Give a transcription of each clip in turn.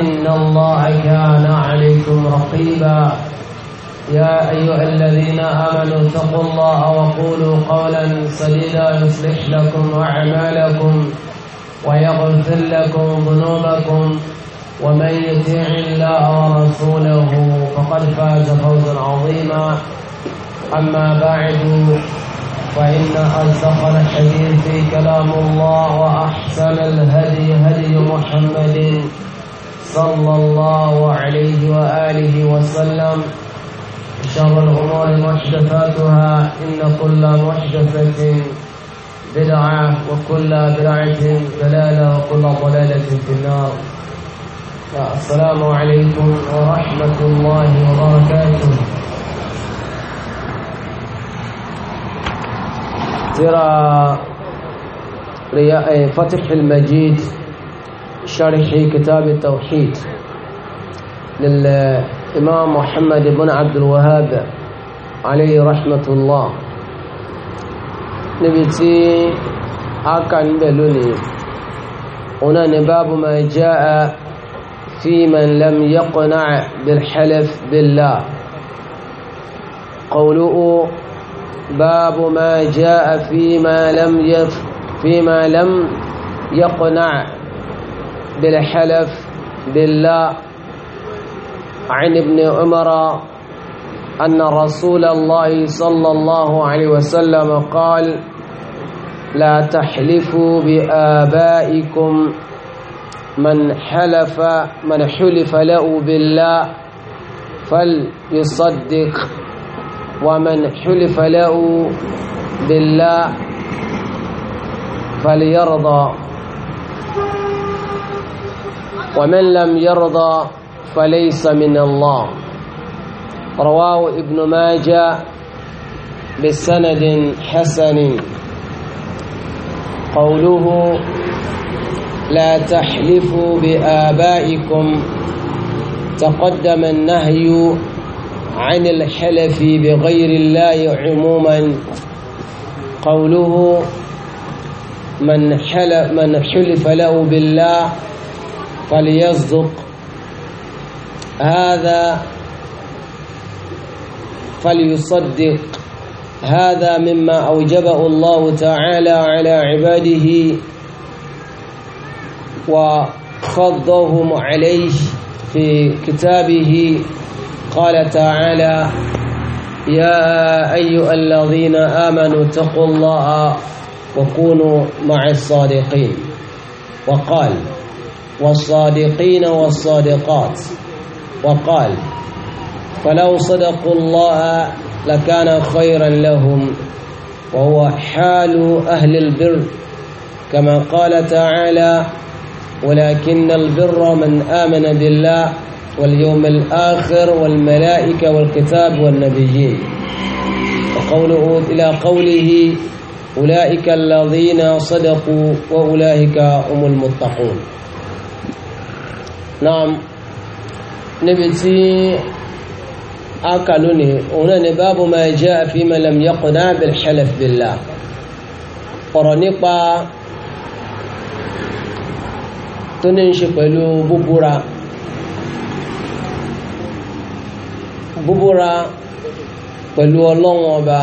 إن الله كان عليكم رقيبا يا أيها الذين آمنوا اتقوا الله وقولوا قولا سديدا يصلح لكم أعمالكم ويغفر لكم ذنوبكم ومن يطيع الله ورسوله فقد فاز فوزا عظيما أما بعد فإن أصدق الحديث كلام الله وأحسن الهدي هدي محمد صلى الله عليه وآله وسلم شر الأمور محدثاتها إن كل محدثة بدعة وكل بدعة دلالة وكل ضلالة في النار السلام عليكم ورحمة الله وبركاته ترى فتح المجيد شرح كتاب التوحيد للإمام محمد بن عبد الوهاب عليه رحمة الله نبتي أكن بلوني هنا نباب ما جاء في من لم يقنع بالحلف بالله قوله باب ما جاء فيما لم يف فيما لم يقنع بالحلف بالله عن ابن عمر أن رسول الله صلى الله عليه وسلم قال لا تحلفوا بآبائكم من حلف من حلف له بالله فليصدق ومن حلف له بالله فليرضى ومن لم يرضى فليس من الله رواه ابن ماجه بسند حسن قوله لا تحلفوا بآبائكم تقدم النهي عن الحلف بغير الله عموما قوله من حلف, من حلف له بالله فليصدق هذا فليصدق هذا مما أوجبه الله تعالى على عباده وخضهم عليه في كتابه قال تعالى يا أيها الذين آمنوا اتقوا الله وكونوا مع الصادقين وقال والصادقين والصادقات وقال فلو صدقوا الله لكان خيرا لهم وهو حال أهل البر كما قال تعالى ولكن البر من آمن بالله واليوم الآخر والملائكة والكتاب والنبيين وقوله إلى قوله أولئك الذين صدقوا وأولئك هم المتقون náà níbi tí a kà lónìí òun náà ni báàbù máa jẹ́ àfihàn yaqna bil halaf billah ọ̀rọ̀ nípa tó ní ṣe pẹ̀lú búbúra búbúra pẹ̀lú ọlọ́run ọba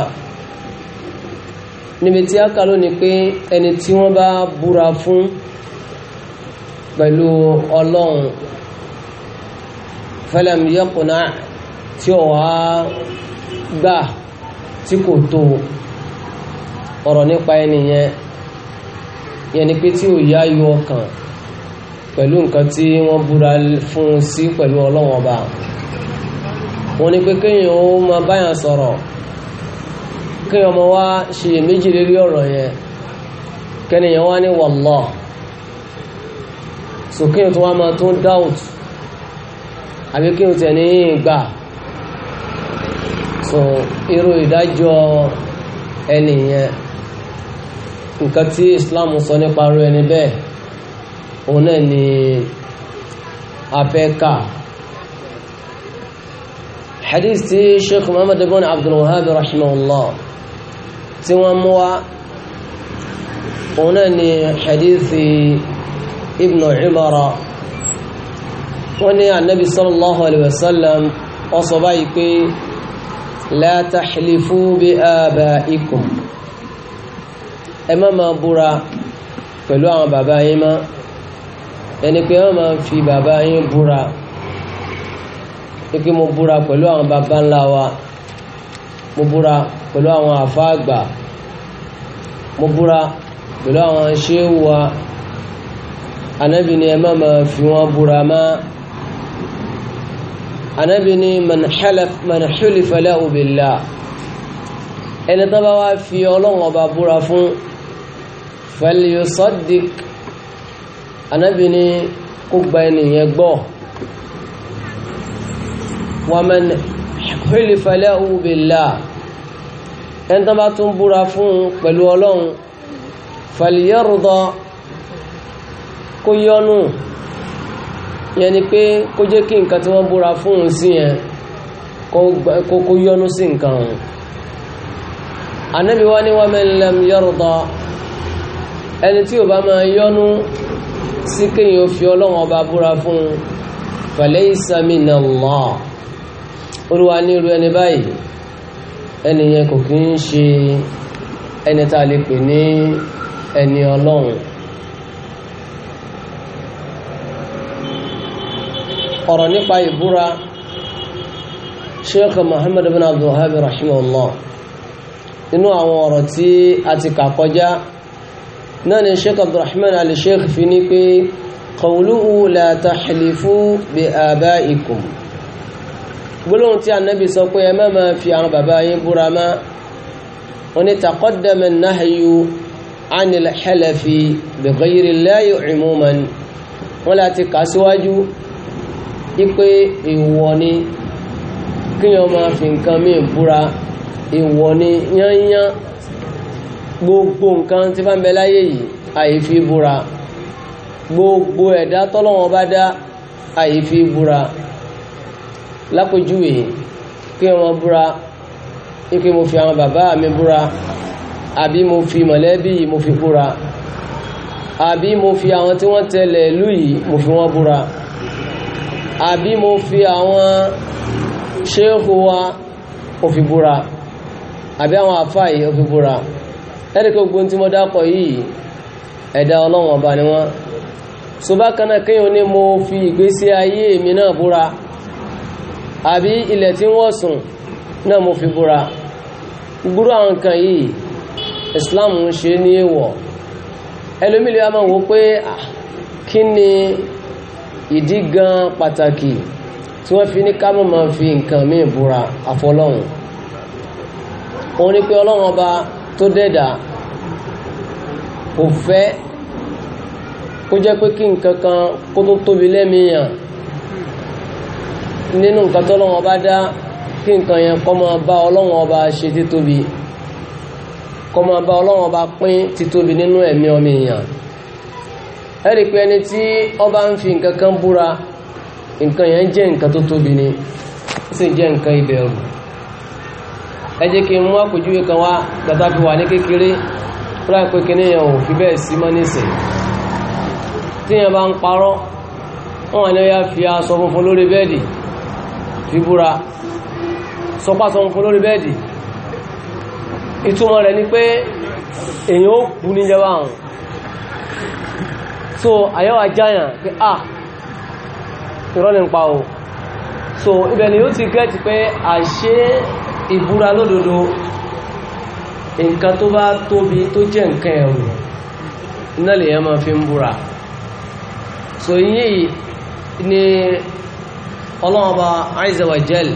níbi tí a kà lónìí pé ẹni tí wọ́n bá búra fún pẹ̀lú ọlọ́run fẹ́lẹ̀m yẹ́kùnà tí ó wá gbà tí kò tó ọ̀rọ̀ nípa ẹni yẹn yẹn ni pé tí ò yá yọ ọkàn pẹ̀lú nǹkan tí wọ́n búra fún un sí pẹ̀lú ọlọ́wọ́n ọba wọn ni pé kéèyàn ó máa báyàn sọ̀rọ̀ kéèyàn ọmọ wa ṣiyèméjì lérí ọ̀rọ̀ yẹn kẹ́niyàn wá ní wàlláhì sókè tó wá máa tó dáùtù àbí kí o tẹ̀ ní so irú ìdájọ́ ẹni yẹn nǹkan tí Islam sọ nípa ru ẹni bẹ́ẹ̀ òun náà ni afẹ́ka hadith tí Sheikh Muhammad ibn Abdul Wahhab rahimahullah tí wọ́n mú wá òun náà ni hadith Ibn Umar wọ́n ní anabi sallallahu alayhi wa sallam wọ́n sọ báyìí pé la tahlifu bi abaikum ẹ má máa búra pẹ̀lú àwọn bàbá yín mọ́ ẹni pé wọ́n máa fi bàbá yín búra pé mo búra pẹ̀lú àwọn bàbá ńlá wa mo búra pẹ̀lú àwọn àfa àgbà mo búra pẹ̀lú àwọn ṣéwù wa ni ẹ má máa fi wọ́n búra máa anábì ní man hulifa lahu billah ẹni tó bá wá fi ọlọ́run ọba búra fún falyusaddiq anábì ní kó gba ẹnìyẹn gbọ́ wa man hulifa lahu billah ẹni tó tún búra fún pẹ̀lú ọlọ́run falyarda kó yọnu yẹn ni pé kó jẹ́ kí nǹkan tí wọ́n búra fún un sí yẹn kó yọnu sí nǹkan ọ̀hún anábíwá ní wọ́n mẹ́lẹ̀m yọ́rùtọ́ ẹni tí ò bá máa yọnu sí kéèyàn fi ọlọ́run ọba búra fún un falaysa minallah olúwa ní irú ẹni báyìí ẹni yẹn kò kí ń ṣe ẹni tá a lè pè ní ẹni ọlọ́run ọ̀rọ̀ nípa ìbúra sheikh muhammad bin abdulhabi rahimahullah nínú àwọn ọ̀rọ̀ tí a ti kà kọjá náà ni sheikh abdulrahman ali sheikh fi ní pé qawluhu la tahlifu bi abaikum gbólóhùn tí anabi sọ pé ẹ má máa fi àwọn bàbá yín búra má wọn ni taqaddama nahyu anil halafi bi ghayri llahi umuman wọn láti kà síwájú ipe èèwọ̀ ni kíyàn máa fi nǹkan mí búra èèwọ̀ ni yányán gbogbo nǹkan tí bá ń bẹ láyé yìí àyífi búra gbogbo ẹ̀dá tọ́lọ́wọ́n bá dá àyífi búra lápèjúwe kíyàn máa búra ipe mo fi àwọn bàbá mi búra àbí mo fi mọ̀lẹ́bí mo fi búra àbí mo fi àwọn tí wọ́n tẹ̀lé ìlú yìí mo fi wọ́n búra àbí mo fi àwọn ṣéhù wa òfin búra àbí àwọn àfáà yìí òfin búra ẹ̀ríkẹ́ ogun tí mo dákọ̀ yìí ẹ̀dá ọlọ́wọ̀n ọba ni wọ́n so bákan náà kéèyàn ní mo fi ìgbésí ayé mi náà búra àbí ilẹ̀ tí wọ́n sùn náà mo fi búra gbúrú àwọn nǹkan yìí Islam ń ṣe ní èèwọ̀ ẹlòmílẹ̀ a máa wò pé ah, kí ni ìdí gan pàtàkì tí wọ́n fi ní ká mọ̀ máa fi nǹkan míì búra àfọlọ́hùn òun ni pé ọlọ́run ọba tó dẹ̀dà kò fẹ́ kó jẹ́ pé kí nǹkan kan kó tó tóbi lẹ́mìíyàn nínú nǹkan tó ọlọ́run ọba dá kí nǹkan yẹn kó máa bá ọlọ́run ọba ṣe títóbi kó máa bá ọlọ́run ọba pín títóbi nínú ẹ̀mí ọmọ èèyàn ẹ̀rí pé ẹni tí ọba ń fi nǹkan kan búra nǹkan yẹn jẹ́ nǹkan tó tóbi ni ó sì jẹ́ nǹkan ìbẹ̀rù ẹ jẹ́ kí n mú àpèjúwe kan wá tata fi wà ní kékeré fúra pé kíní yẹn ò fi bẹ́ẹ̀ sí mọ́ nísìn tí yẹn bá ń parọ́ wọn fi aṣọ funfun lórí bẹ́ẹ̀dì fi búra funfun lórí bẹ́ẹ̀dì ìtumọ̀ rẹ̀ ni pé èèyàn ó so ayewa àjáyàn pé à ah, ìrọ́lì ń pa o so ibe ni o ti gẹ́ẹ̀tì pé àṣé ìbúra lódodo nǹkan tó bá tobi to je nǹkan ẹ̀rù iná lè fi nbura so yi ni ọlọ́ọ̀bá azza wa jal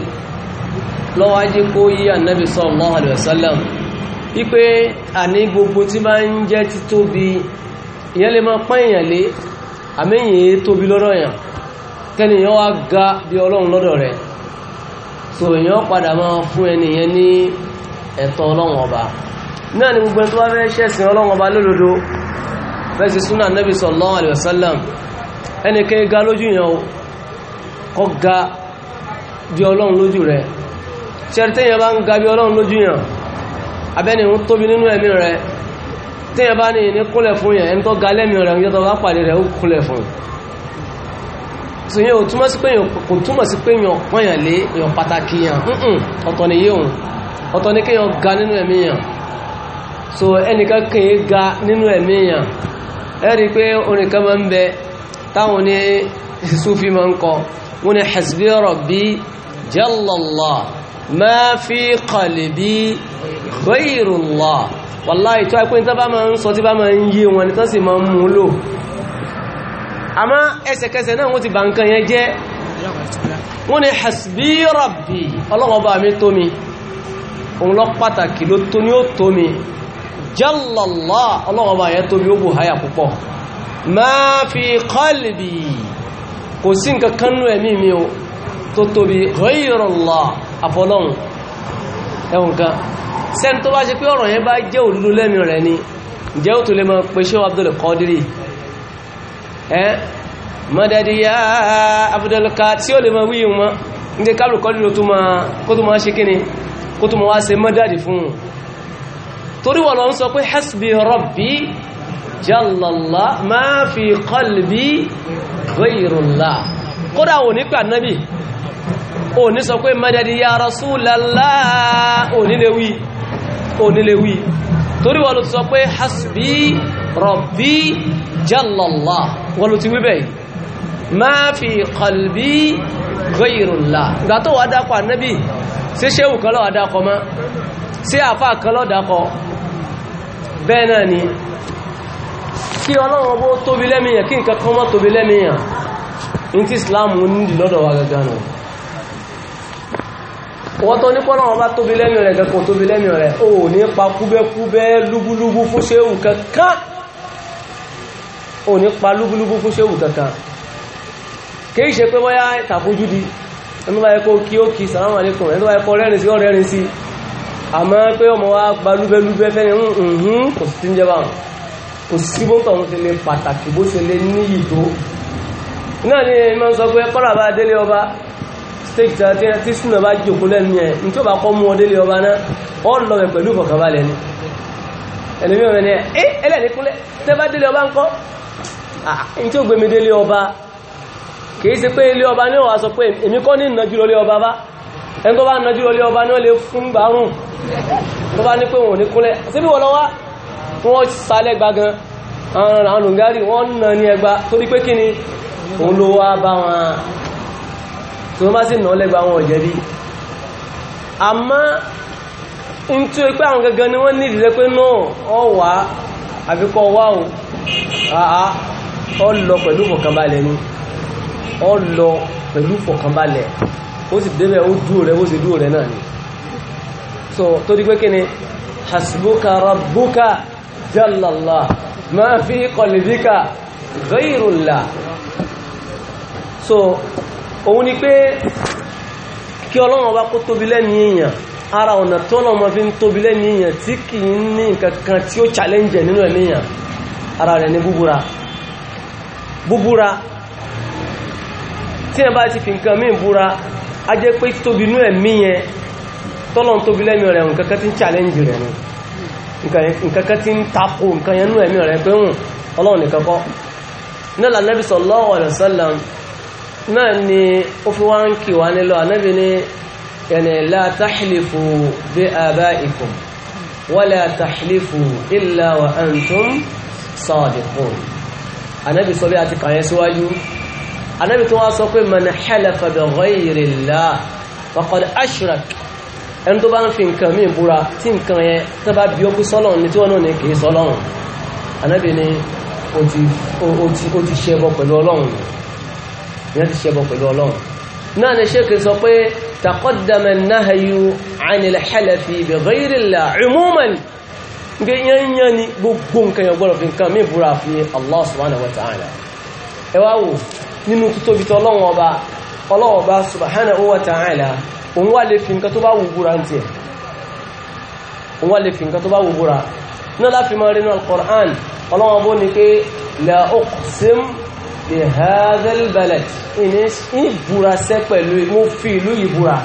lọ́wọ́ ajé kó yí ànábì sallallahu alaihi wasallam wípé àní gbogbo tí bá ń jẹ́ títóbi ìyẹn lè máa pán èèyàn lé àmẹ́yìn tóbi lọ́dọ̀ yàn kẹ́nìyàn wá ga bí ọlọ́run lọ́dọ̀ rẹ̀ so èèyàn padà máa fún ẹnìyẹn ní ẹ̀tọ́ ọlọ́run ọba náà ni gbogbo ẹni tó wá fẹ́ ṣẹ̀sìn ọlọ́run ọba lódodo fẹ́ sí súnà nẹ́bí sallallahu alaihi wasallam ẹnìkan ga lójú yẹn kọ́ ga bí ọlọ́run lójú rẹ̀ ṣẹ́rìtẹ́yìn bá ń ga bí ọlọ́run lójú yẹn abẹ́ni ń tóbi nínú ẹ̀mí rẹ̀ tí ẹ bá ní ní kúnlẹ̀ fún yẹn ẹni tó ga lẹ́mìí rẹ̀ yọ́tọ̀ bá pàdé rẹ̀ ó kúnlẹ̀ fún tìyẹn ò túmọ̀ sí pé kò túmọ̀ sí pé yàn pọ́nyàn lé yàn pàtàkì yàn ọ̀tọ̀ ni yíò ọ̀tọ̀ ni kéèyàn ga nínú ẹ̀mí yàn so ẹnìkan kìí ga nínú ẹ̀mí yàn ẹ rí i pé orin kan máa ń bẹ táwọn ní Sufi máa ń kọ wọn ni hasbi rabbi jallallah ma fi qalbi ghayrullah wallahi tó ẹkùn tó bá ma ń sọ tí bá ma ń yé wọn ni tán sì ma ń mú lò àmá ẹsẹ̀kẹsẹ̀ náà wọ́n ti bà nǹkan yẹn jẹ́ wọ́n ni hasbi rabbi ọlọ́wọ́ bá mi tó mi òun lọ pàtàkì ló tó ní ó tó mi jallallá ọlọ́wọ́ bá yẹn tó mi ó bù háyà púpọ̀ ma fi qalbi kò sí nǹkan kan nú ẹ̀mí mi ó tó tóbi ghayrullah àfọlọ́hùn ẹ̀wọ̀n kan sẹ́ni tó bá ṣe pé ọ̀rọ̀ yẹn bá jẹ́ òdodo lẹ́nu rẹ̀ ni ǹjẹ́ ó tó lè máa pe ṣé Abdul Qadir ẹ́ mọ́dádìyà Abdul Qadir tí ó lè máa wíyìn wọn ní kábùlù Qadir tó máa kó tó máa ṣe kíni kó tó máa wá ṣe mọ́dádì fún ò ní sọ pé madadi ya rasulallah ò nílé wí ò nílé wí torí wọ́n ló ti sọ pé hasbi rabbi jallallah wọ́n ló ti wí bẹ́ẹ̀ ma fi qalbi ghayrullah ìgbà tó wà dákọ̀ ànábì sí ṣéwù kan lọ́wà dákọ̀ mọ́ sí àfáà kan lọ́ bẹ́ẹ̀ náà ni kí ọlọ́run bó tóbi lẹ́mìyàn kí nǹkan kan mọ́ tóbi lẹ́mìyàn ní ti islam ní lọ́dọ̀ wa wọ́n tó ní pọ́lọ́wọ́ bá tóbi lẹ́mì rẹ̀ kẹ́kọ̀ọ́ tóbi lẹ́mì rẹ̀ o ní pa kúbẹ́kúbẹ́ lúgúlúgú fún ṣéhù kankan o ní pa lúgúlúgú fún ṣéhù kankan kìí ṣe pé bọ́yá tàbójú di ẹnu bá ẹkọ́ kí ó kí sàlámù alékùn ẹnu bá ẹkọ́ rẹ́rìn sí ọ̀rẹ́rìn sí àmọ́ pé ọmọ wa gba lúbẹ́lúbẹ́ fẹ́ni ǹhún kò sí ti ń jẹba kò stage tí tí súnà bá jòkó lẹ́nu yẹn ní tí ó bá kọ́ mú ọdé lè ọba náà ọ lọ rẹ̀ pẹ̀lú ìfọ̀kànbalẹ̀ ni ẹni mi ọ̀rẹ́ ni ẹ ẹlẹ́ni kúnlẹ̀ tẹ́ bá délé ọba ń kọ́ ní tí ó gbé mi délé ọba kìí ṣe pé ilé ọba ní ọ̀wá sọ pé èmi kọ́ ní ìnàjú lọlé ọba bá ẹni tó bá ìnàjú ọba ní ó fún gbárùn tó bá ní pé wọn ò ní kúnlẹ̀ síbí wọn lọ́wọ́ wọn sálẹ̀ gbagan àwọn olùgárí wọn nà ní ẹgba torí pé kí ni òun ló wá bá wọn tí wọ́n bá sì nà lẹ́gbàá wọn ọ̀jẹ̀bí àmọ́ ń tí ó pé àwọn gangan ni wọ́n ní ìdílé pé náà ọ wà àfikọ́ wà ó àá ọ lọ pẹ̀lú fọ̀kànbalẹ̀ ni ọ lọ pẹ̀lú fọ̀kànbalẹ̀ ó sì débẹ̀ ó dúró rẹ̀ ó sì dúró rẹ̀ náà ni so tó di pé kí ni hasbuka rabbuka jallallah ma fi qalbika ghayrullah so òun ni pé kí ọlọ́run ọba kó tóbi lẹ́ni èèyàn ara ọ̀nà tó lọ mọ́ fi ń tóbi lẹ́ni èèyàn tí kì í ní nǹkan tí ó challenge nínú ẹ̀mí èèyàn ara rẹ̀ ní búbúra búbúra tí ẹ bá ti fi nǹkan mí búra a jẹ́ pé tóbi inú ẹ̀mí yẹn tobi tóbi lẹ́mi rẹ̀ nǹkan kan tí ń challenge rẹ̀ ni nǹkan kan ń tako nǹkan yẹn nú ẹ̀mí rẹ̀ pé ń hmm, ọlọ́run nìkan kọ́ nílànà náà ni ó fi wá ń kì wá nílọ ànábì ní ẹni la tahlifu bi abaikum wala tahlifu illa wa antum sadiqun ànábì sọ bí a ti kàyẹ síwájú ànábì tó wá sọ pé man halafa bi ghayri Allah faqad ashrak ẹni tó bá ń fi nǹkan mí búra tí nǹkan yẹn tó bá bí ókú sọ́lọ́run ní tí wọ́n ní kìí sọ́lọ́run ànábì ni ó ti ṣẹbọ pẹ̀lú ọlọ́run ìyẹn ti ṣẹbọ pẹ̀lú ọlọ́run náà ni ṣe kìí sọ pé takọ́dàmẹ́ náhayú ànìlẹ̀hẹ́lẹ̀fì bẹ̀rẹ̀rẹ̀lá ìmúmọ̀n gbé yányán ni gbogbo nǹkan yẹn gbọ́dọ̀ fi nǹkan mí búra fi Allah subhanahu wa ta'ala ẹ wá wò nínú títóbi tó ọlọ́run ọba ọlọ́run ọba subhanahu wa ta'ala òun wá lè fi nǹkan tó fi nǹkan tó bí hazel balẹ̀ ìbúra sẹ́ pẹ̀lú mo fi ìlú ìbúra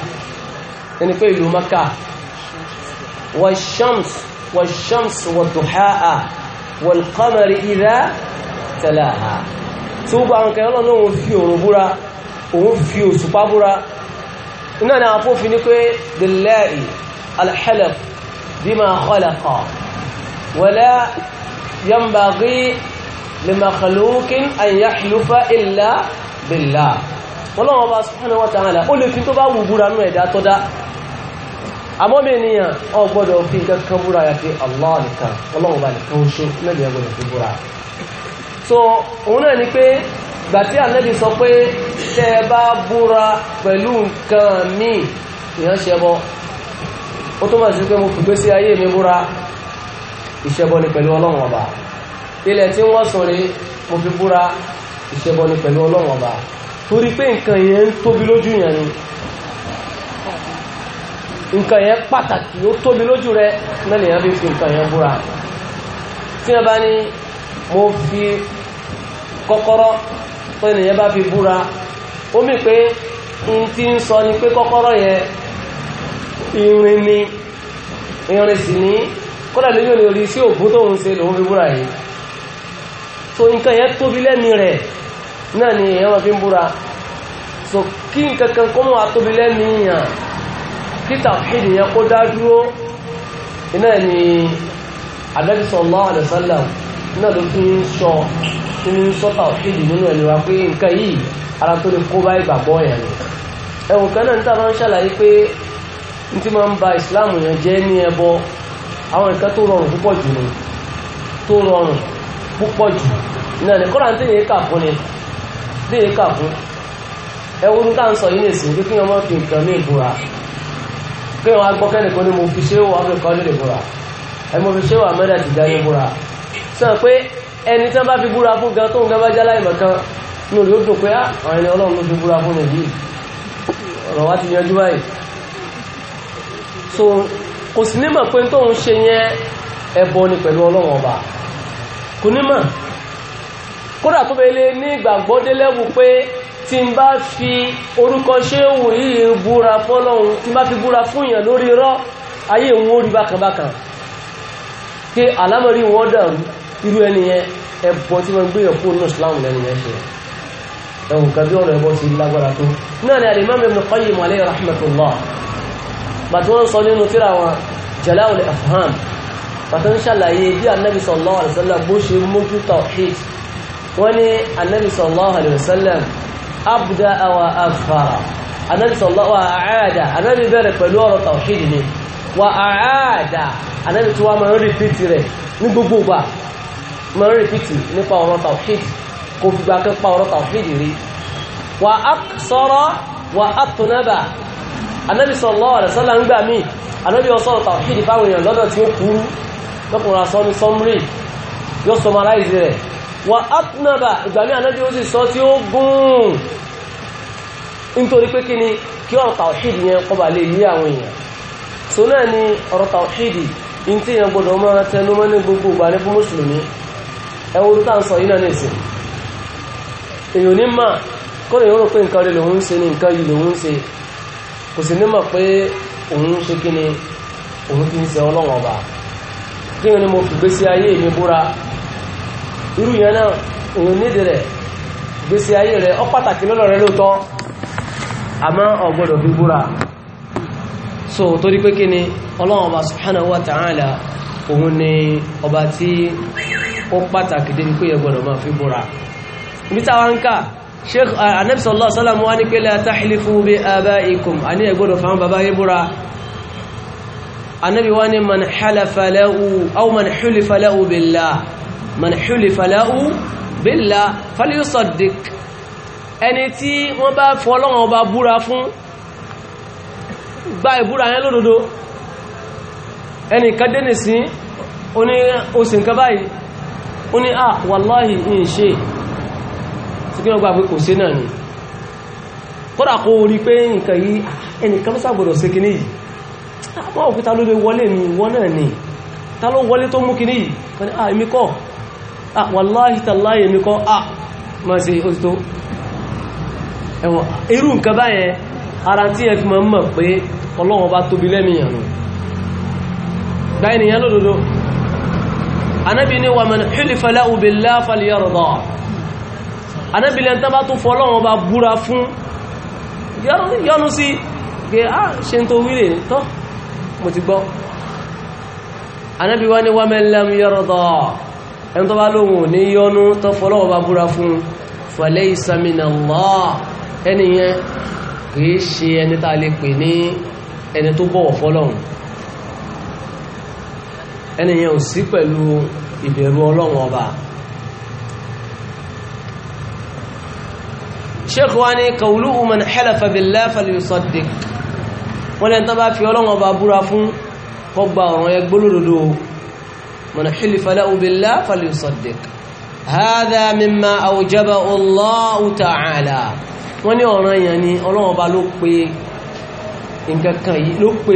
ẹni pé ìlú maka wàṣọ́ms wàṣọ́ms wàdùháà wàlùkọ́mẹ̀rì ìdá tẹ̀láha tí ó bá ń kẹ́ ọlọ́nà òun fi òun búra òun fi òṣùpá búra iná ni àfófin ní pé billahi alhalaf bima khalaqa wala yanbaghi limakhluqin an yahlufa illa billah ọlọ́run ọba subhanahu wa ta'ala ó lè fi tó bá wù búra nú ẹ̀dá tó dá àmọ́ mi ènìyàn ọ gbọ́dọ̀ fi nǹkan kan búra àyàfi fi búra so òun náà ni pé gbà tí ànábì sọ pé tẹ́ ẹ bá búra pẹ̀lú nǹkan míì èèyàn ṣẹbọ ó túmọ̀ búra ilẹ̀ tí wọ́n sùn rí mo fi búra ìṣẹ́bọ ni pẹ̀lú ọlọ́wọ́n ọba torí pé nǹkan yẹn ń tóbi lójú yẹn ni nǹkan yẹn pàtàkì ó tóbi lójú rẹ mẹ́lẹ̀ yẹn fi fi nǹkan yẹn búra tí wọ́n bá ní mo fi kọ́kọ́rọ́ pé nìyẹn bá fi búra ó mì pé n ti ń sọ ni pé kọ́kọ́rọ́ yẹn irin ni irin sì ní kódà lóyún ni orí sí òògùn tóun ṣe lòun fi búra yìí so nǹkan yẹn tóbi lẹ́mi rẹ̀ náà ni èèyàn fi ń búra so kí nǹkan kan kọ́ mọ́ atóbi lẹ́mi yàn kí tàfíìdì yẹn kó dá dúró iná ni Ànábì sallallahu alaihi wasallam náà ló fi ń sọ tí ń sọ tàfíìdì nínú ẹ̀mí wa pé nǹkan yìí ara tó lè kó bá ìgbàgbọ́ yẹn ni ẹ̀wọ̀n kan náà níta máa ń ṣàlàyé pé n ti máa ń ba ìsìláàmù yẹn jẹ́ ní ẹbọ àwọn nǹkan tó rọrùn púpọ̀ jù ní tó rọrùn púpọ̀ jù náà ní kọ́ra tí èyí kà fún ni tí èyí kà fún ẹwọ́n ká ń sọ yìí nìsín pé kí wọ́n máa fi nǹkan ní ìbúra pé wọ́n á gbọ́ kẹ́nìkan ní mo fi ṣé wọ́n fi kọ́ ní ìbúra ẹ mo fi ṣé wọ́n amẹ́dà ti dá ní ìbúra sọ pé ẹni tí wọ́n bá fi búra fún gan tó ń gbẹ́bá já láìmọ̀ kan ní olè ó dùn pé ah, àwọn ẹni ọlọ́run ló fi búra fún mi yìí ọ̀rọ̀ wa ti yanjú báyìí so kò sí ní mọ̀ pé tóun ṣe yẹn ẹbọ ni pẹ̀lú ọlọ́run ọba kò ní mọ̀ kódà tó bẹ lé ní ìgbàgbọ́ délẹ́wù pé tí n bá fi orúkọ ṣéwù yìí búra fọ́lọ́hun tí n bá fi búra fún yàn lórí irọ́ ayé wọn ó rí bákanbákan pé àlámọ̀rí wọn dàrú irú ẹni yẹn ẹ̀bọ tí wọ́n gbé ẹ̀kú ní Islam lẹ́nu yẹn ṣe ẹ̀wù kan bí ọ̀rọ̀ ẹ̀bọ ti lágbára tó náà ni Al-Imam Ibn Qayyim alayhi rahmatullah bàtí wọ́n sọ nínú tírà wọn Jala'ul Afham pàtó ń ṣàlàyé bí anabi sallallahu alayhi wa sallam bó ṣe mójú tawhid wọ́n ní anabi sallallahu alayhi wa sallam abda awa afara anabi sallallahu wa aada anabi bẹ̀rẹ̀ pẹ̀lú ọ̀rọ̀ tawhid ni wa aada anabi tí wọ́n máa ń rìpítì rẹ̀ ní gbogbo gbà máa ń rìpítì nípa ọ̀rọ̀ tawhid kò fi gbà kẹ́pà ọ̀rọ̀ tawhid rí wa aksara wa anabi sallallahu alayhi wa sallam gbà mí anabi ọ̀sọ̀rọ̀ tawhid fáwọn èèyàn lọ́dọ̀ tí ó kúrú lọ́kùnrin asọ́ ní sọ́mrì yóò sọmaráìsì rẹ̀ wà ápùnàbà ìgbàmí ànábì ó sì sọ tí ó gùn nítorí pé kí ni kí ọ̀rọ̀ tàwọ̀ṣìdì yẹn kọba lè yí àwọn èèyàn so náà ni ọ̀rọ̀ tàwọ̀ṣìdì in tí èèyàn gbọdọ̀ máa tẹnumọ́ ní gbogbo ìgbà ní fún mùsùlùmí ẹwọ́n tó tàǹsọ̀ yìí náà ní ìsìn èèyàn ní mà kọ́nà yóò rò pé nǹkan rẹ̀ lòun ń ṣe ní nǹkan yìí lòun ń ṣe kò sì ní mà pé òun ń ṣe kí ni òun fi ń ṣe ọlọ́wọ́n ọba kí ni mo fi gbésí ayé mi búra irú yẹn náà òun nídìí rẹ̀ gbésí ayé rẹ̀ ọ pàtàkì lọ́dọ̀ rẹ̀ lóòótọ́ àmọ́ ò fi búra so torí pé kí ni ọlọ́run ọba subhanahu wa ta'ala òun ni ọba tí ó pàtàkì dé ní pé yẹ gbọ́dọ̀ máa fi búra ibi táwa ń kà sheikh anabi sallallahu wa ni pé la tahlifu bi abaikum àní ẹ gbọ́dọ̀ fáwọn bàbá yín búra anábi wá ní man halafa lahu aw man hulifa lahu billah man hulifa lahu billah falyusaddiq ẹni tí wọ́n bá fọ́lọ́wọ́n bá búra fún gba ìbúra yẹn lódodo ẹni kadé nìsín oní oṣù nǹkan báyìí ó ní à wàláhì ń ṣe tí kí wọ́n gba pé kò sí náà ni kódà kó rí pé nǹkan yìí ẹnìkan sábọ̀dọ̀ sí kìíní yìí wọ́n òkúta ló lè wọlé mi wọ́n náà ni ta ló wọlé tó mú kìíní yìí wọ́n ni ah èmi kọ́ ah wàláhì tàláhì èmi kọ́ ah ma ṣe ó ti tó ẹ̀wọ̀n irú nǹkan báyẹn ara tí ẹ fi mọ̀ mọ̀ pé ọlọ́wọ́n bá tóbi lẹ́mìyàn nù gbáyìn nìyẹn lódodo anábì ní wà mẹ́rin hulifa lahu billahi falyarda anábì lẹ́ntẹ́ bá tún ah ṣe ń tó wílé tọ́ mo ti gbọ́ anábí wá ní wa man lam yarda ẹni tó bá lóhun ní yọnú tó fọlọ́wọ́ bá búra fún falaysa minallah ẹniyẹn kìí ṣe ẹni tá a lè pè ní ẹni tó bọ̀wọ̀ fọ́lọ́hun ẹniyẹn ò sí wọ́n lẹ́n tán bá fi ọlọ́wọ́n bá búra fún kọgbà ọ̀rọ̀ yẹ gbólódodo man hilifa lahu billah falyusaddiq hadha mimma awjaba Allahu ta'ala wọ́n ní ọ̀ràn yẹn ni ọlọ́wọ́n bá ló pe nǹkan kan yìí ló pe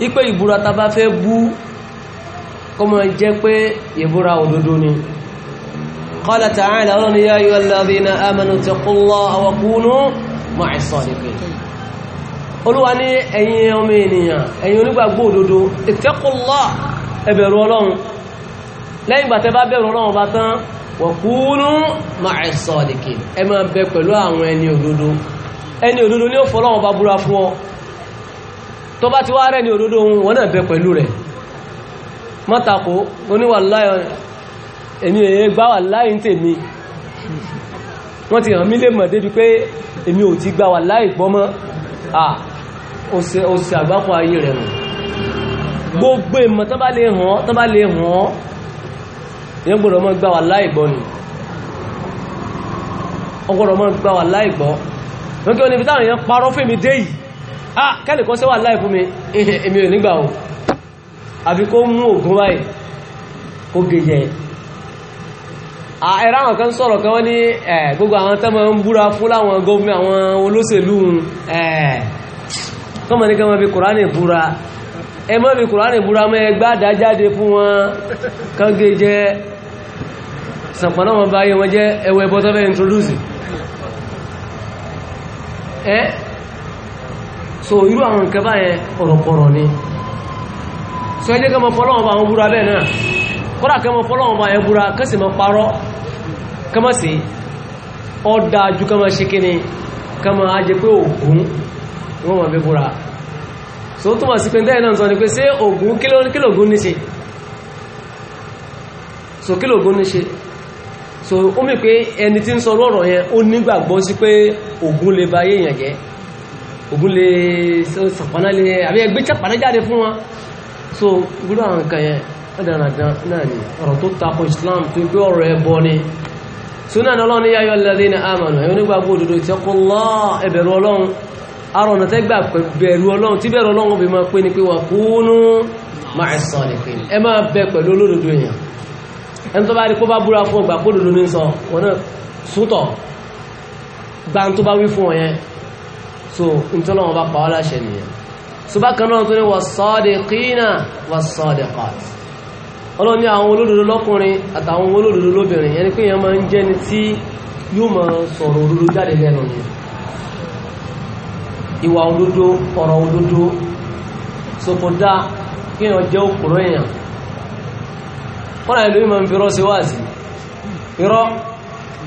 ipe ìbúra ta bá fẹ́ bú kọmọ jẹ́ pé ìbúra òdodo ni qala ta'ala ọlọ́ni ya ayyuhal ladhina amanu taqullaha wa kunu ma'as sadiqin olúwa ní ẹ̀yin ọmọ ènìyàn ẹ̀yin onígbàgbọ́ òdodo ittaqullaha ẹ bẹ̀rù ọlọ́run tó bá ti wá rẹ̀ ní òdodo ohun wọ́n náà bẹ pẹ̀lú rẹ̀ mọ́tàkó oníwàláyọ èmi èyẹ gbá wà láì ń tèmi wọ́n ti hàn mí lè mọ̀ débi pé èmi ò ti gbá wà láì gbọ́ mọ́ à ó sì àgbákò ayé rẹ̀ mọ̀ gbogbo ìmọ̀ tán bá lè hàn tán bá lè hàn èyàn gbọ́dọ̀ mọ́ gbá wà láì gbọ́ ni ọgbọ́dọ̀ mọ́ gbá wà láì gbọ́ ah kẹ́lì kan sẹ́wà láì fún mi èmi ò nígbà o àfi kó mú ògùn báyìí kó gẹ̀yẹ̀ ẹ̀rọ àwọn kan sọ̀rọ̀ kan wọ́n ní gbogbo àwọn tẹ́mọ̀ ń búra fún láwọn gómìnà àwọn olóṣèlú tọ́mọ̀ ní kẹ́mọ̀ bí kùránì búra ẹ mọ́ bí kùránì búra mọ́ ẹgbá dájáde fún wọn kan gẹ̀yẹ̀ sàpọ̀nà wọn báyé wọn jẹ́ ẹwẹ́ bọ́tọ́fẹ́ introduce so irú àwọn nǹkan báyẹn ọ̀rọ̀kọ̀rọ̀ ni so ẹjẹ́ kẹ́ mọ fọ́lọ́wọ́n bá àwọn búra bẹ́ẹ̀ náà kọ́dà kẹ́ mọ fọ́lọ́wọ́n bá yẹn búra kẹ́ sì mọ parọ́ kẹ́ mọ̀ sí ọ̀dà ju kẹ́ mọ ṣe kíni kẹ́ mọ ajẹ́ pé ògún wọ́n mọ̀ fi búra so ó túmọ̀ sí pé dẹ́yìn náà sọ ni pé ṣé ògún kílògún ní ṣe so kílògún ní ṣe so ó mì pé ẹni tí ń sọ ọ̀rọ̀ yẹn ó nígbàgbọ́ sí pé ògún lè ba ayé èèyàn jẹ́ ògùn lè sàpáná lè àbí ẹgbẹ́ sàpáná jáde fún wọn so gbúdú àwọn nǹkan yẹn ọ̀dàràdàn náà ni ọ̀rọ̀ tó takò Islam tó gbé ọ̀rọ̀ ẹbọ ni suna ọlọ́run ní yáyọ lẹ́dí ní àmàlù ẹ̀yọ́ nígbàgbọ́ òdodo ìtẹ́kùnlọ́ ẹ̀bẹ̀rù ọlọ́run arọ̀nà tẹ́gbà bẹ̀rù ọlọ́run tí bẹ̀rù ọlọ́run bí máa pé ní pé wà kúnú máa sọ ní pé ẹ máa bẹ pẹ̀lú olódodo èèyàn ẹni tó bá rí kó bá búra fún ọgbà kó dodo ní sọ wọn náà sútọ̀ gbá tó bá wí fún ọ yẹn so nítorí wọn bá pa wá láṣẹ nìyẹn so bákan náà tó ní was-sadiqina was-sadiqat ọlọ́run ní àwọn olódodo lọ́kùnrin àtàwọn olódodo lóbìnrin yẹn ni pé yẹn máa ń jẹ́ ni tí yóò máa sọ̀rọ̀ òdodo jáde lẹ́nu ni ìwà òdodo ọ̀rọ̀ òdodo sọ̀kọ̀dá kí yẹn jẹ́ òkúrò èèyàn wọ́n láì lóyún máa ń fi rọ́ síwáàsì irọ́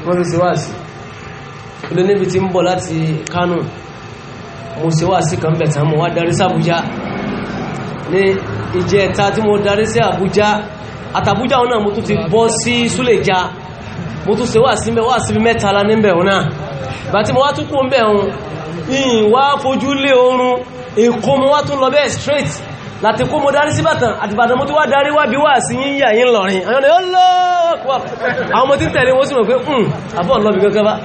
wọ́n fi síwáàsì olè níbi tí ń bọ̀ láti Kánò mo ṣe wá sí kan bẹ̀ tán mo wá darí sí Àbújá ní ìjẹta tí mo darí sí Àbújá àtàbújá òun náà mo tún ti bọ́ sí Súlèjà mo tún ṣe wá sí mẹ́ wá sí mẹ́ta la níbẹ̀ òun bá tí mo wá tún ń bẹ̀ òun yìí wá fojú lé oorun Èkó mo wá tún lọ bẹ́ẹ̀ straight láti kó mo darí sí Ìbàdàn àtìbàdàn mo tó wá darí wá bí wá sí yín yà yín lọ̀rin àwọn ọ̀nà ọlọ́ọ̀kọ́ àwọn ọmọ tí ń tẹ̀lé wọ́n sì mọ̀ pé hmm, àbọ̀ ọ̀lọ́bì kankan bá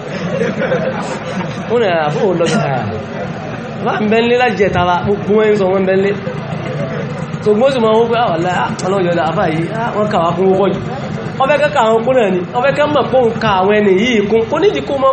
bá ń bẹ́ńlé lájẹ̀ tara gbogbo ẹ̀ sọ wọ́n bẹ́ńlé ṣogbó sì máa wọ́n pé àwọ̀lá ọlọ́yọ̀dá àbá yìí wọ́n kàwà kún wọ́pọ̀ jù ọbẹ̀ ni ka àwọn ẹni yìí kún kó nídi kó mọ́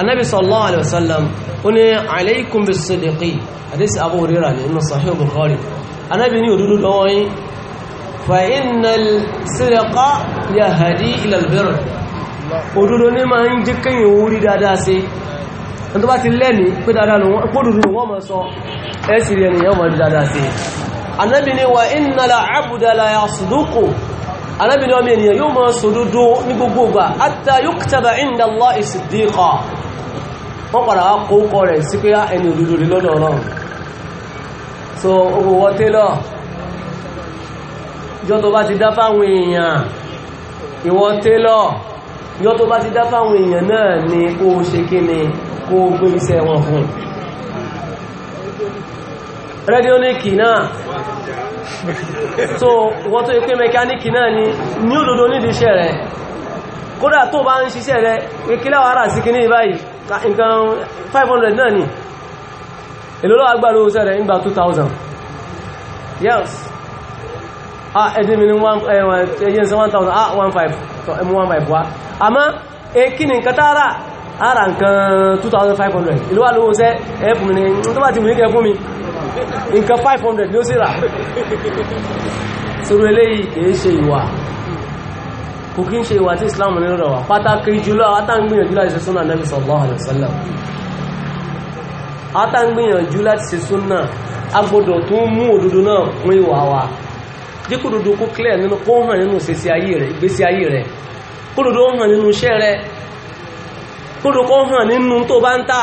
النبي صلى الله عليه وسلم قل عليكم بالصدق حديث أبو هريرة لأنه صحيح البخاري النبي يقول له فإن الصدق يهدي إلى البر òdodo ní máa ń jẹ́ kíyàn orí dáadáa sí ẹni tó bá ti lẹ́ni pé dáadáa lòun pòdòdó wọ́n mọ́ sọ ẹ́sì rẹ̀ nìyàn mọ́ dáadáa sí anábi ni wa innal abda la yasduqu arábìnrin ọmọ ènìyàn yóò máa sòdodo ní gbogbo ìgbà hatta yuktaba inda Allahi siddiqa wọ́n padà wá kó kọ rẹ̀ sí pé ah, ẹni òdodo rí lọ́dọ̀ ọlọ́run so owó wọ́ télọ̀ yọ́ tó bá ti dá fáwọn èèyàn ìwọ télọ̀ yọ́ tó bá ti dá fáwọn èèyàn náà ni kó ṣe kí ni kó gbé iṣẹ́ wọn fún un rẹ́díóníkì náà so wọ́n tó ipé mẹkáníkì náà ni ní òdòdó nídìí iṣẹ́ rẹ̀ kódà tó bá ń ṣiṣẹ́ rẹ̀ wíkíláwà ara sí kíní báyìí nǹkan 500 náà ni èlò agbára owó sẹ́rẹ̀ 2000 yes ah ní 1000 ah èkí nǹkan ara nǹkan 2500 èlò lówó sẹ́ ẹ fún mi ní tó bá ti wù ní mi nǹkan five hundred, ó sì rà sórí eléyìí kìí ṣe ìwà kò kí ń ṣe ìwà tí Islam ní rọwà pàtàkì jùlọ àtàǹgbìyànjú láti ṣe súnà Nabi sallallahu alaihi wasallam àtàǹgbìyànjú láti ṣe súnà agbọ́dọ̀ tó ń mú òdodo náà kún ìwà wa dípò dodo kó clear nínú kó hàn nínú ìgbésí ayé rẹ̀ kó dodo hàn nínú iṣẹ́ rẹ̀ kó dodo kó hàn nínú tó bá ń tà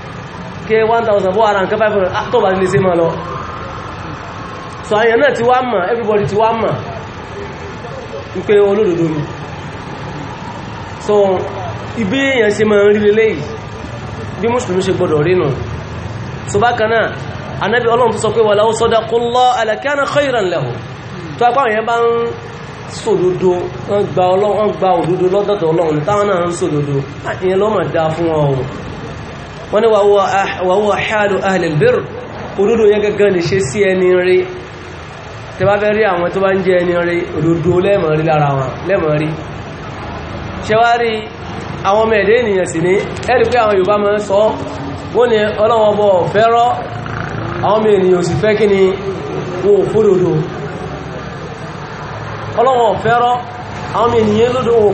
kí 1000 bó ara sí ma lọ so àyàn náà ti wá mọ̀ everybody ti wá mọ̀ wípé olódodo ni so ibi èèyàn ṣe máa ń rí bí mùsùlùmí ṣe gbọdọ̀ rí so bákan náà ọlọ́run tó sọ pé walau sadaqullaha lakana khayran lahum tó apá òyìn bá ń sòdodo wọ́n gba òdodo lọ́dọ̀dọ̀ ọlọ́run táwọn náà ń sòdodo ah, ìyẹn lọ́mọ̀ dáa fún wọn wọ́n ni wàwọ́ hálù ahlil bir òdodo yẹn gẹ́gẹ́ ní ṣe sí ẹni rí tẹ bá fẹ́ rí àwọn tó bá ń jẹ ẹni rí òdodo lẹ́mọ̀ rí lára wọn lẹ́mọ̀ rí ṣe wá rí àwọn ọmọ ènìyàn sì ní ẹ̀rí pé àwọn Yorùbá máa sọ wọ́n ni ọlọ́wọ́n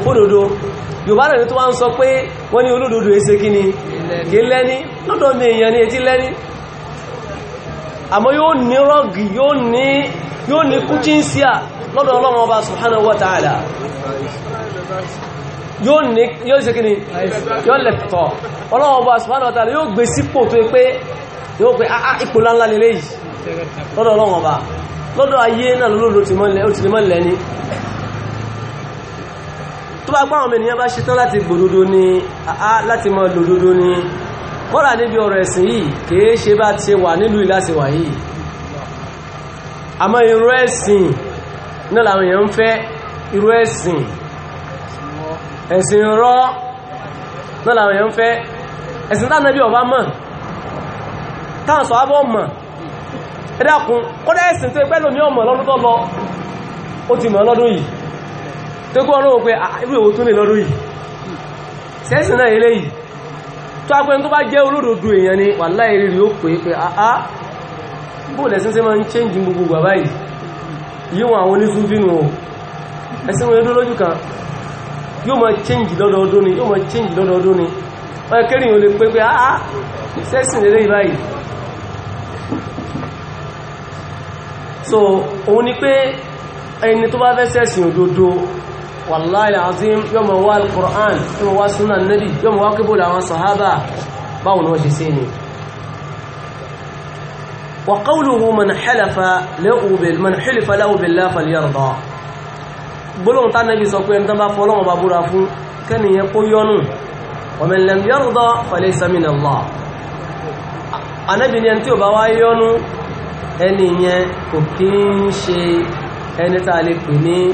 bọ̀ yorùbá náà ni tó wá ń sọ pé wọ́n ní olódodo ẹsẹ kí ni kí lẹ́ni lọ́dọ̀ mi èèyàn ni etí lẹ́ni àmọ́ yóò ní rọ́gì yóò ní kúchínsíà lọ́dọ̀ ọlọ́run ọba subhanahu wa yóò ní yóò ṣe ọlọ́run ọba subhanahu tó bá gbáwọn ènìyàn bá ṣetán láti gbòdodo ni láti mọ lòdodo ni kọ́là níbi ọ̀rọ̀ ẹ̀sìn yìí kìí ṣe bá ti wà nílùú ìlàsì wà yìí àmọ́ irú ẹ̀sìn náà làwọn èèyàn ń fẹ́ irú ẹ̀sìn ẹ̀sìn rọ́ náà làwọn èèyàn ń fẹ́ ẹ̀sìn táwọn ẹbí ọba mọ̀ táwọn sọ abọ́ mọ̀ ẹ̀dàkùn kọ́dá ẹ̀sìn tó ẹgbẹ́ lómi ọmọ lọ́dún tó lọ ó ti mọ̀ lọ́dún yìí tó kọ́ ọ̀rọ̀ pé ah, ìwò tó lè lọ́rọ̀ yìí sẹ́sì náà ilé yìí tó agbẹ́ tó bá jẹ́ olódodo èèyàn ni wà láìrí rí ó pé àá ah, sí ah, máa ń gbogbo bàbá yìí àwọn o ẹ̀sìn wọn lójú kan yóò máa chẹ́ǹjì lọ́dọọdún ni yóò máa chẹ́ǹjì lọ́dọọdún ni wọ́n kẹ́rin ò lè pé pé àá sẹ́sì lélẹ́ yìí báyìí so òun ni pé ẹni tó bá fẹ́ sẹ́sìn òdodo wàláì làzim yóò mọ̀ wá al-Qur'an yóò mọ̀ wá súnà nẹ́bì yóò mọ̀ wá kíbòlò àwọn sàhábà báwọn wọ́n ṣe sí ni wa qawluhu man halafa lahu billahi falyarda gbólóhùn tá nẹ́bì sọ pé ẹni tán bá fọ́lọ́wọ́ bá búra fún kẹ́niyẹ kó yọnu lè pè ní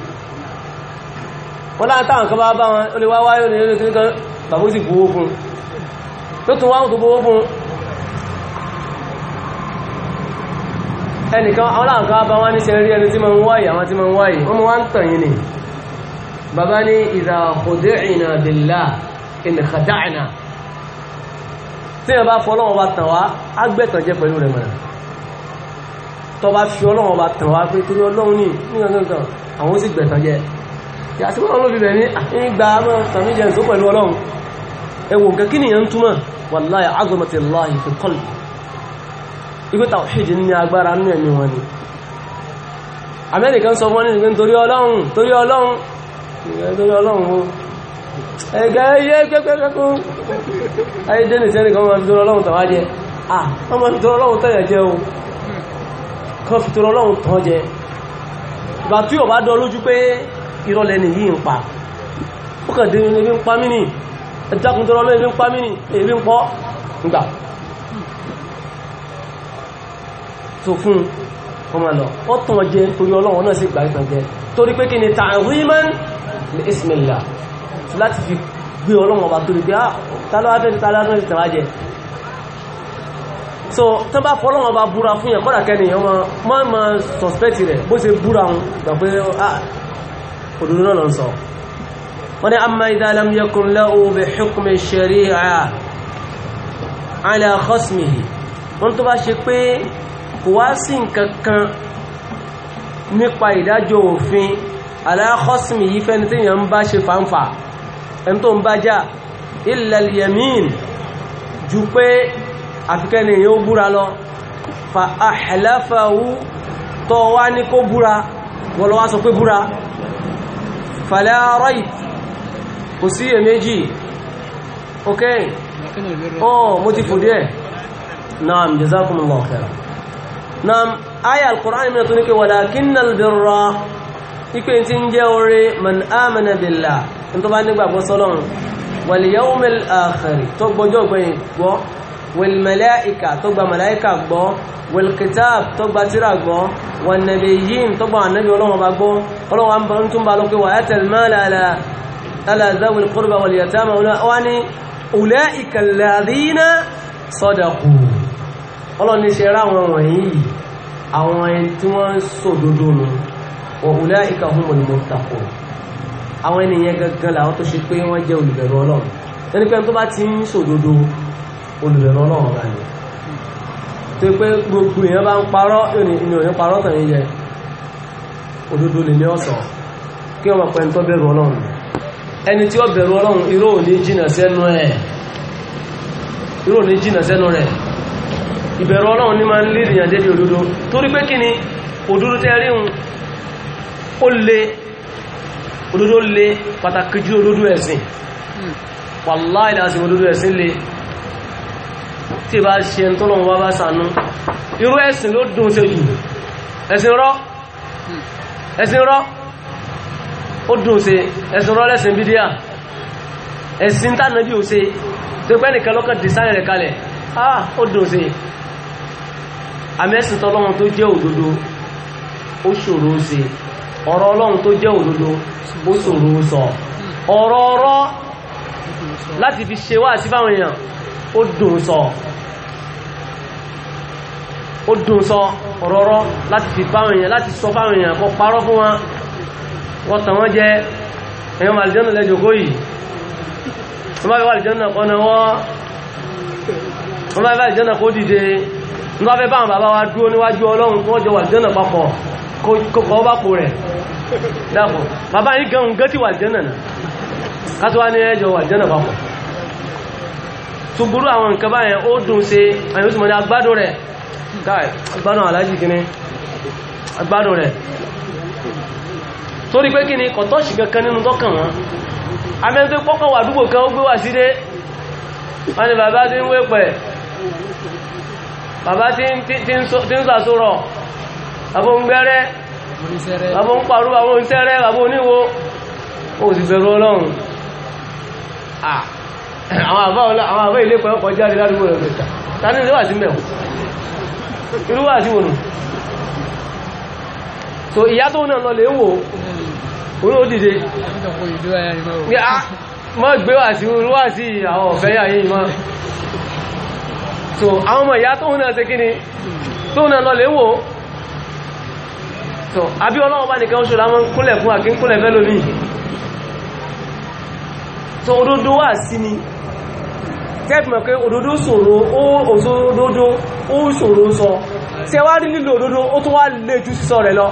wọ́n látàwọn kan bá bá wọn ó lè wá wáyé ní ilé kíníkan bàbá sì gbówó fún tó tún wáhùn tó gbówó fún ẹnìkan àwọn láwọn kan bá wọ́n ní ṣe rí ẹni tí ma ń wáyé àwọn tí ma ń wáyé wọ́n mú wá ń tàn yìí bàbá ní idha khudi'na billah in khada'na tí ẹ bá fọ ọlọ́wọ́ bá tàn wá á gbẹ̀tàn jẹ́ pẹ̀lú rẹ̀ mọ̀ràn tó bá fi ọlọ́wọ́ bá tàn wá àti wọ́n lóbi bẹ̀rẹ̀ ní ah, gba mọ́ tàbí jẹ́ ìsó pẹ̀lú ọlọ́run ẹwọ nǹkan kí nìyàn túmọ̀ wallahi azamati Allahi fi qalbi ikú tawhid ní agbára nínú ni amẹ́ríkan sọ fún ẹnìyàn torí ọlọ́run torí ọlọ́run torí ọlọ́run o ẹ̀gá ẹyẹ kẹ́kẹ́kẹ́kọ́ ayé dẹ́nì sẹ́nì kan máa fi torí ọlọ́run tàwá jẹ ah wọ́n máa fi torí ọlọ́run tẹ̀yẹ̀ jẹ o kan fi torí ọlọ́run tàn jẹ irọ́ lẹ́ni yìí ń pa ó kàn dénú ebi ń pa mí nì ẹjákun tó rọ́lọ́ ebi ń pa mí nì ebi ń pọ́ ńgbà tó fún ọmọ lọ ó tàn jẹ torí ọlọ́run náà sì gbà ìtàn jẹ torí pé kí ni ta'ziman ah, so tó bá fọ́lọ́wọ́n bá búra fún yẹn kọ́dà kẹ́ni yẹn wọ́n máa suspect rẹ̀ bó ṣe búra wọn gbà òdòdó náà sọ wọ́n ni amma idha lam yakun lahu bi hukmi shari'a ala khasmihi wọ́n tó bá ṣe pé kò wá sí nǹkan kan nípa ìdájọ́ òfin ala khasmihi fẹ́ni tí yẹn ń bá ṣe fàǹfà ẹni tó ń bá já illa al pé àfikẹ́ni yẹn ó búra lọ fa ahlafahu tó wá ní kó búra wọ́n sọ pé búra fala raib kò sí èméjì ok oh mo ti fòdí ẹ̀ naam jazakumullahu khairan naam aya al-Qur'an mìíràn tó ní kí walakinnal birra ipe tí ń jẹ́ orí man amana billah tó bá nígbàgbọ́ sọ́lọ́run wal yawmil akhir tó gbọ́jọ́ gbẹ̀yìn gbọ́ والملائكة تقبى ملائكة أقبى والكتاب تقبى ترى أقبى والنبيين تقبى النبي ولهم أقبى ولو أنتم بالوكي وآتى المال على على ذوي القربى واليتامى أولئك الذين صدقوا ọlọ́ni ṣe rá àwọn wọ̀nyí àwọn ẹni tí wọ́n ń sòdodo nù wọ̀ ulā'ika humul muttaqūn àwọn ènìyàn gangan làwọn tó ṣe pé wọ́n jẹ́ olùbẹ̀rù ọlọ́run ẹni pé tó bá ti ń sòdodo olùbẹ̀rọ náà wà ní tí pé gbogbo èèyàn bá ń parọ́ ìrìn òní parọ́ tàn òdodo lè ní ọ̀sán kí ọmọ pẹ́ tó bẹ̀rù ọlọ́run ẹni tí ó bẹ̀rù ọlọ́run irọ́ òní jìnà sẹ́nu rẹ̀ irọ́ jìnà sẹ́nu rẹ̀ ìbẹ̀rù ọlọ́run ní máa ń lé ìrìnàjẹ́ bí òdodo torí pé kí ni òdodo tẹ́ rí hun ó le òdodo le pàtàkì ju òdodo ẹ̀sìn hmm. òdodo ẹ̀sìn tí bá ṣe ń tọ́lọ̀ wọ́n bá sànú irú ẹ̀sìn ló dùn ṣe jù ẹ̀sìn rọ́ ẹ̀sìn rọ́ ó dùn ṣe ẹ̀sìn rọ́ lẹ́sìn bídíà ẹ̀sìn tánàbí ò ṣe tó pẹ́ nìkan lọ́kàn dìsáyẹ̀ rẹ̀ kalẹ̀ ah ó dùn ṣe àmì ẹ̀sìn tọ́lọ́run tó jẹ́ òdodo ó ṣòro ṣe ọ̀rọ̀ ọlọ́run tó jẹ́ òdodo ó ọ̀rọ̀ ọ̀rọ̀ láti fi ṣe wá sí fáwọn èèyàn ó dùn sọ ó dùn sọ ọ̀rọ̀rọ̀ láti fi báwọn èèyàn láti sọ báwọn èèyàn kọ parọ́ fún wọn wọ́n tàn wọ́n jẹ èèyàn màlìjọ́nà lẹ́jọ́gó yìí wọ́n bá fẹ́ wàlìjọ́nà kọ́ na wọ́n wọ́n bá fẹ́ wàlìjọ́nà kó dìde wọ́n bá fẹ́ báwọn bàbá wa dúró níwájú ọlọ́run kó jọ wàlìjọ́nà tó burú àwọn nǹkan báyẹn ó dùn ṣe àyè ó ní agbádùn rẹ̀ káì agbádùn aláàjì kìíní agbádùn rẹ̀ torí pé ni kankan nínú tọ́kàn wọn abẹ́ni tó wà kan ó gbé wà sílé wọ́n bàbá tí ń wé pẹ̀ bàbá tí ń sàsúrọ̀ bàbá ń gbẹ́rẹ́ bàbá ń parú bàbá ń sẹ́rẹ́ bàbá oníwo ó sì àwọn àbá ilé pẹ̀lú kọjá rí ládùúgbò rẹ̀ gbẹ̀ta tàbí ilé wà sí mẹ́wọ̀n irú wà sí wọnù so ìyá tó náà lọ lè wò orí ó dìde ah, mọ́ gbé wà sí irú wà sí àwọn ọ̀fẹ́ yà yìí so àwọn ọmọ ìyá tó náà ṣe kíni tó náà lọ lè wò so àbí ọlọ́wọ́ bá nìkan ṣọ́ra mọ́ kúnlẹ̀ fún àkínkúnlẹ̀ tó òdodo wà sí ni tẹ́ẹ̀tìmọ̀ pé òdodo ṣòro òdodo ó ṣòro sọ tí ẹ wá rí lílo òdodo ó tún wá lè jù sísọ rẹ̀ lọ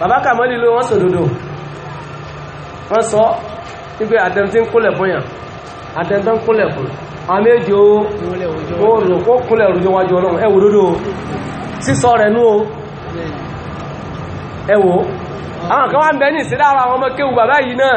bàbá kàmọ́ lílo wọ́n sòdodo wọ́n sọ wípé àtẹ̀mtí ń kólẹ̀ fún yàn àtẹ̀mtí ń kólẹ̀ fún àwọn méjì ó rò kó kólẹ̀ òdodo wájú ọlọ́run ẹwò òdodo sísọ rẹ̀ nú o ẹwò àwọn kan wá ń bẹ ní ìsílẹ̀ àwọn ọmọ kéwù bàbá yìí náà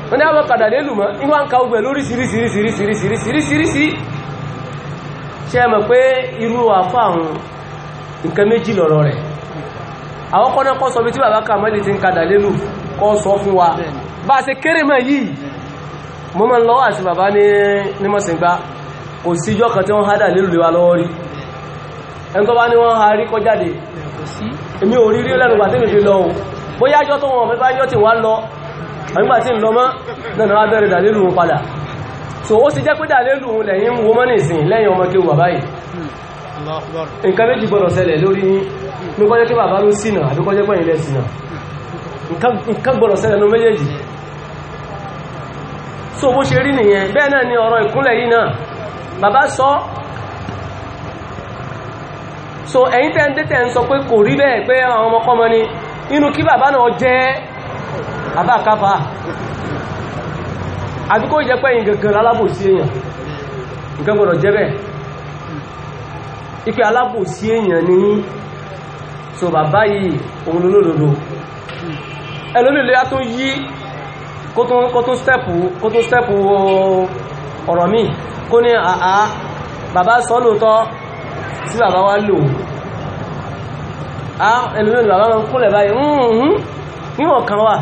wọ́n ní àwọn padà lélù mọ́ ní wọ́n ń ka ogbẹ̀ lóríṣìíríṣìíríṣìíríṣìíríṣìí ṣe mọ̀ pé irú àfáàhùn nǹkan méjì lọ̀rọ̀ rẹ̀ àwọn kọ́nà kọ́ sọ bí tí bàbá kàmọ́lì ti ń kadà lélù kọ́ sọ fún wa bá a ṣe kéré mọ́ yìí mo mọ́ lọ́wọ́ àti bàbá ní nímọ̀sìngbá kò síjọ́ kan tí wọ́n hádà lélù lé wa lọ́wọ́ rí ẹni tó bá ní wọ́n ha rí kọ́ jáde èmi ò rí rí lẹ́nu gbà tí mi fi lọ o bóyá yọ́ tó wọn fẹ́ bá yọ́ tí wọ́n lọ àgbà tí ń lọ mọ́ náà wá bẹ̀rẹ̀ dàlélù wọn padà so ó sì jẹ́ pé dàlélù wọn lẹ́yìn wo mọ́ nìsìn lẹ́yìn ọmọ kéwà báyìí nǹkan méjì gbọ́dọ̀ ṣẹlẹ̀ lórí yín ní kọjẹ́ kí bàbá ló sínà àbí kọjẹ́ pẹ̀yìn lẹ́ sínà nǹkan gbọ́dọ̀ ṣẹlẹ̀ ló méjèèjì so bó ṣe rí nìyẹn bẹ́ẹ̀ náà ni ọ̀rọ̀ ìkúnlẹ̀ yìí náà bàbá sọ so ẹ̀yin tẹ́ ń dé tẹ́ ń sọ pé kò rí bẹ́ẹ̀ pé àwọn ọmọkọ́mọ ni inú kí bàbá náà jẹ́ àbá káfà àbí kó jẹ́ pẹ́yìn gẹ̀gẹ̀rẹ̀ alábòsí èèyàn nǹkan gbọ́dọ̀ jẹ́ bẹ́ẹ̀ ipé alábòsí èèyàn ní so bàbá yìí òun olódodo ẹlòmílẹ̀ á tó yí kó tó stẹ́pù kó tó stẹ́pù ọ̀rọ̀ míì kó ní àá bàbá sọ lóòótọ́ tí bàbá wá lò á ẹlòmílẹ̀ bàbá kúnlẹ̀ báyìí níwọ̀n kan wà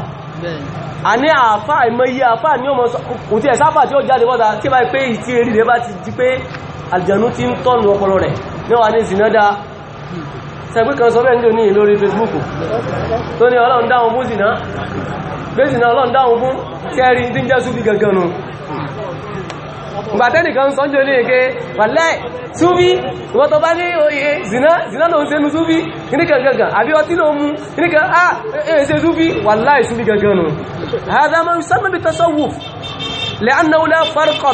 a ní àfá ìmọ̀yí àfá ní ọmọ kò tí ẹ̀ sáfà tí ó jáde wọ́ta tí bá pé ìtí eré rẹ̀ bá ti di pé àlùjànnú ti ń tọ́nù ọpọlọ rẹ̀ níwà ní zinada sẹ́gbẹ́ kan sọ bẹ́ẹ̀ ní lórí Facebook gbàtẹ́nìkan sọ jò ní èké wàlẹ́ súbí ìwọ́n tó bá ní oye zina zina ló ń ṣe nu súbí níkan gangan àbí ọtí ló mú níkan a ah, èyí ṣe súbí wàlẹ́ súbí gangan nù àdámọ́ sábẹ́bí tasawuf lẹ́annáwó la farqa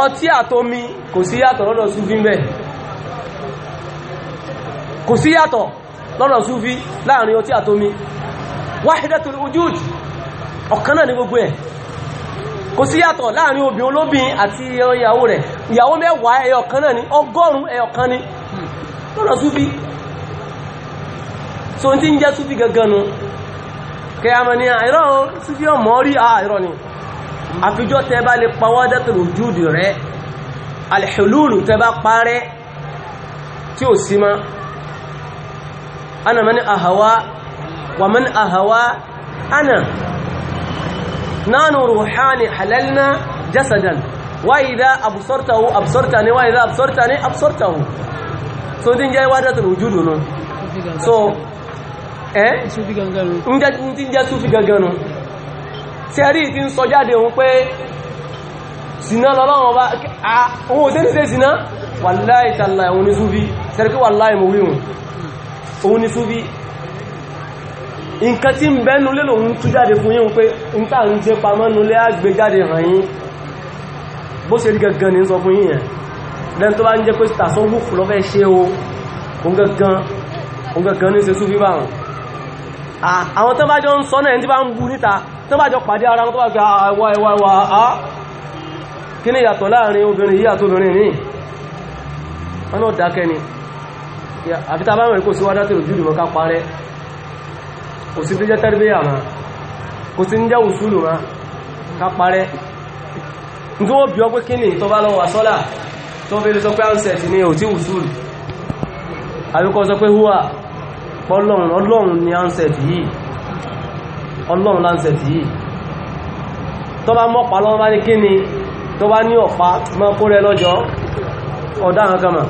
ọtí àtomi kò sí yàtọ̀ lọ́dọ̀ súfí mẹ́ kò sí yàtọ̀ lọ́dọ̀ súfí láàrin ọtí àtomi ọ̀kan náà ní gbogbo ẹ̀ kò sí yàtọ̀ láàrin obìn olóbìn àti ìyàwó rẹ̀ ìyàwó mẹ́wàá náà so ń jẹ́ gangan nu ah, ni àìrọ̀ ọmọ àfijọ́ tẹ bá lè pawọ́ dẹ́tùn òjúdì rẹ alìhìlúlù tẹ bá parẹ́ tí ò sí ma ana mani ahawa wa mani ahawa ana nánú ruhani halalna jasadan wa idha absortahu absortani wa idha absortani absortahu so din jẹ́ wádẹ́tùn òjúdì nù so ẹ́ eh? ń jẹ́ súfí gangan tẹ́rí ìfi ń sọ jáde òun pé sínà lọ́lọ́wọ́n bá ohun òtẹ́ níṣẹ́ sínà wàláì tààlà òun ní súfí tẹ́rí pé wàláì mú wíhùn òun ní súfí nǹkan tí ń bẹ́nu lé lòun tú jáde fún yín pé ń tà ń jẹ́ pamọ́nu lé àgbé jáde hàn yín bó ṣe rí gangan ní sọ fún yín yẹn lẹ́n tó bá ń jẹ́ pé tàṣọ́wùfù lọ́fẹ́ ṣe o òun ní ṣe súfí báwọn àwọn tó bá jọ ń sọ náà ẹni tí bá ń bu níta tó bá jọ pàdé ara wọn tó bá gbà ẹwà ẹwà ẹwà kí ní ìyàtọ̀ láàrin obìnrin yíyà tó obìnrin ní wọn náà dákẹ́ ni àfíta a bá mẹ́rin kò sí wádá tèrò júlù ká parẹ́ kò sí jẹ́ tẹ́rẹ́bíyà kò sí jẹ́ ká parẹ́ bí ọ pé kí ní ọlọ́run láǹsẹ̀ tí yìí tó bá mọ́pa lọ́wọ́ bá ní kí ni tó bá ní ọ̀pá mọ́ kó rẹ lọ́jọ́ ọ̀daràn kama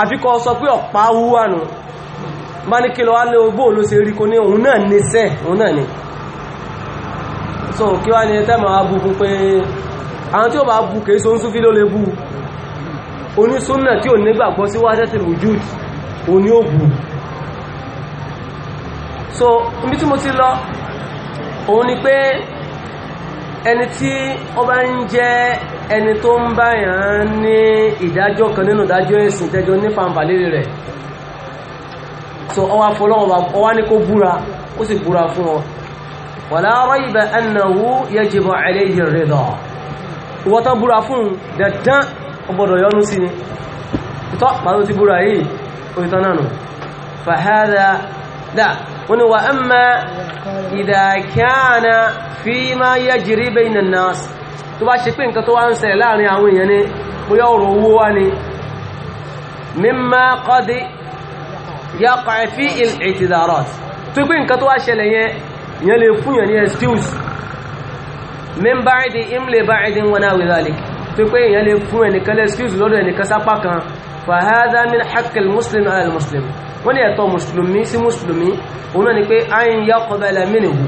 àfikọ́ sọ pé ọ̀pá wúwà nù bá ní kí lọ wá lé ogbó ló rí kó ní òun náà ní sẹ́ òun náà ni so kí wá ní tẹ́mọ̀ abu fún pé àwọn tí ó bá bu kèé so ń súnfí ló bu so ibi tí mo ti lọ òun ni pé ẹni tí ó bá ń jẹ́ ẹni tó ń bá ní ìdájọ́ kan nínú ìdájọ́ ẹ̀sìn tẹ́jọ́ ní fanfàlérí rẹ̀ so ọwá fọlọ́wọ́ ọwá ní kó búra ó sì búra fún ọ wala rayba annahu yajibu alayhi ar-ridha ìwọ́tán búra fún dandan ọgbọ̀dọ̀ yọnú sí ni tọ́ pàtó ti búra yìí òyìntán náà nù fàhádà dáa wọ́n ni wà amma idha kana fima yajri bayna an-nas tó bá ṣe pé nǹkan tó wá ń ṣẹlẹ̀ láàrin àwọn èèyàn ni bóyá ọ̀rọ̀ owó wá ni mimma qad yaqa fi al-i'tidarat tó pé nǹkan tó wá ṣẹlẹ̀ yẹn ìyẹn lè fún excuse min ba'di imli ba'din wa nawi dhalik tó pé ìyẹn lè fún ẹnìkan lè excuse lọ́dọ̀ ẹnìkan sápá kan fa hadha min haqqi muslim ala al-muslim wọ́n ní ẹ̀tọ́ mùsùlùmí sí mùsùlùmí òun náà ni pé ayin ya kọbẹ̀lá mínìhù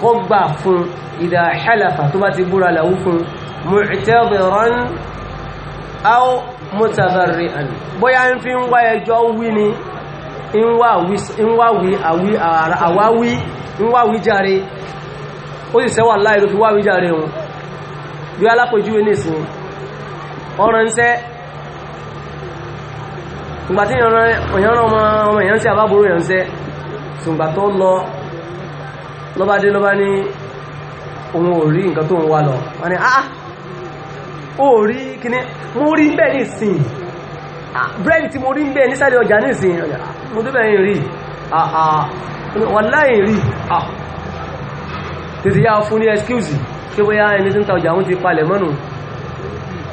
kọ́ gbà fún ìdá halafa tó bá ti búra làwú fún mu'tabiran aw mutabarri'an bóyá ń fi ń wá ẹjọ́ wí ni ń wáwí járe ó sì sẹ́wà láì ló fi wáwí járe wọn bí alápòjúwe nìsín ọ̀rọ̀ ń sẹ́ ìgbà tí èèyàn ọmọ ọmọ èèyàn sí àbábòrò èèyàn sẹ́ ṣùgbà tó lọ lọ́bá dé lọ́bá ní òun ò rí nǹkan tó ń wá lọ wọ́n ni ah ó rí kíní mo rí bẹ́ẹ̀ ní ìsìn bírẹ́dì tí mo rí bẹ́ẹ̀ nísàlẹ̀ ọjà ní ìsìn mo tó bẹ́ẹ̀ rí rí excuse kí bóyá ẹni tí ń ta ọjà òun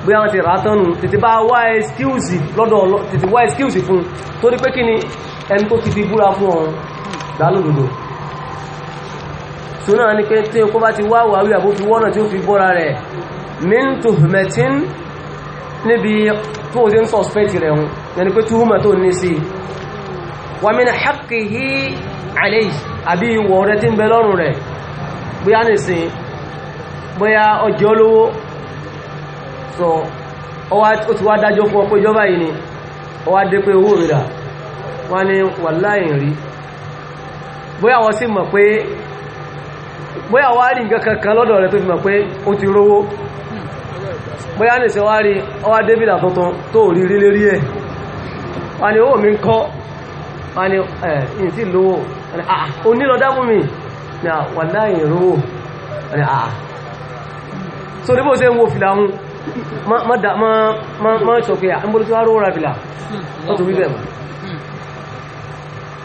bí wọ́n ti rà tánù tètè bá wá ẹ́skíùsì lọ́dọ̀ tètè wá ẹ́skíùsì fún torí pé kí ni ẹni tó ti fi búra fún ọ̀run dálòdòdò tó náà ni pé tí kó bá ti wá wàwí àbó fi wọ́nà tí ó fi bọ́ra rẹ̀ min níbi tó so o ti wá dájọ́ fún ọpọ̀ ìjọba yìí ni ó wá dé pé owó mi rà wọ́n ní wàláhì rí bóyá wọ́n sì mọ̀ pé bóyá ma rí nǹkan kankan lọ́dọ̀ rẹ̀ tó fi mọ̀ pé ó ti rówó bóyá ní ṣe wá rí ọwá débìlà tuntun tó rí rí lérí ẹ̀ wà ní owó mi ń kọ́ wà ní ẹ̀yìn tí lówó ah, ah, ah, so wo Ma, ma má ma ma pé à ń bolo tí wàá rọra bìlà hmm. wọ́n tu wí bẹ́ẹ̀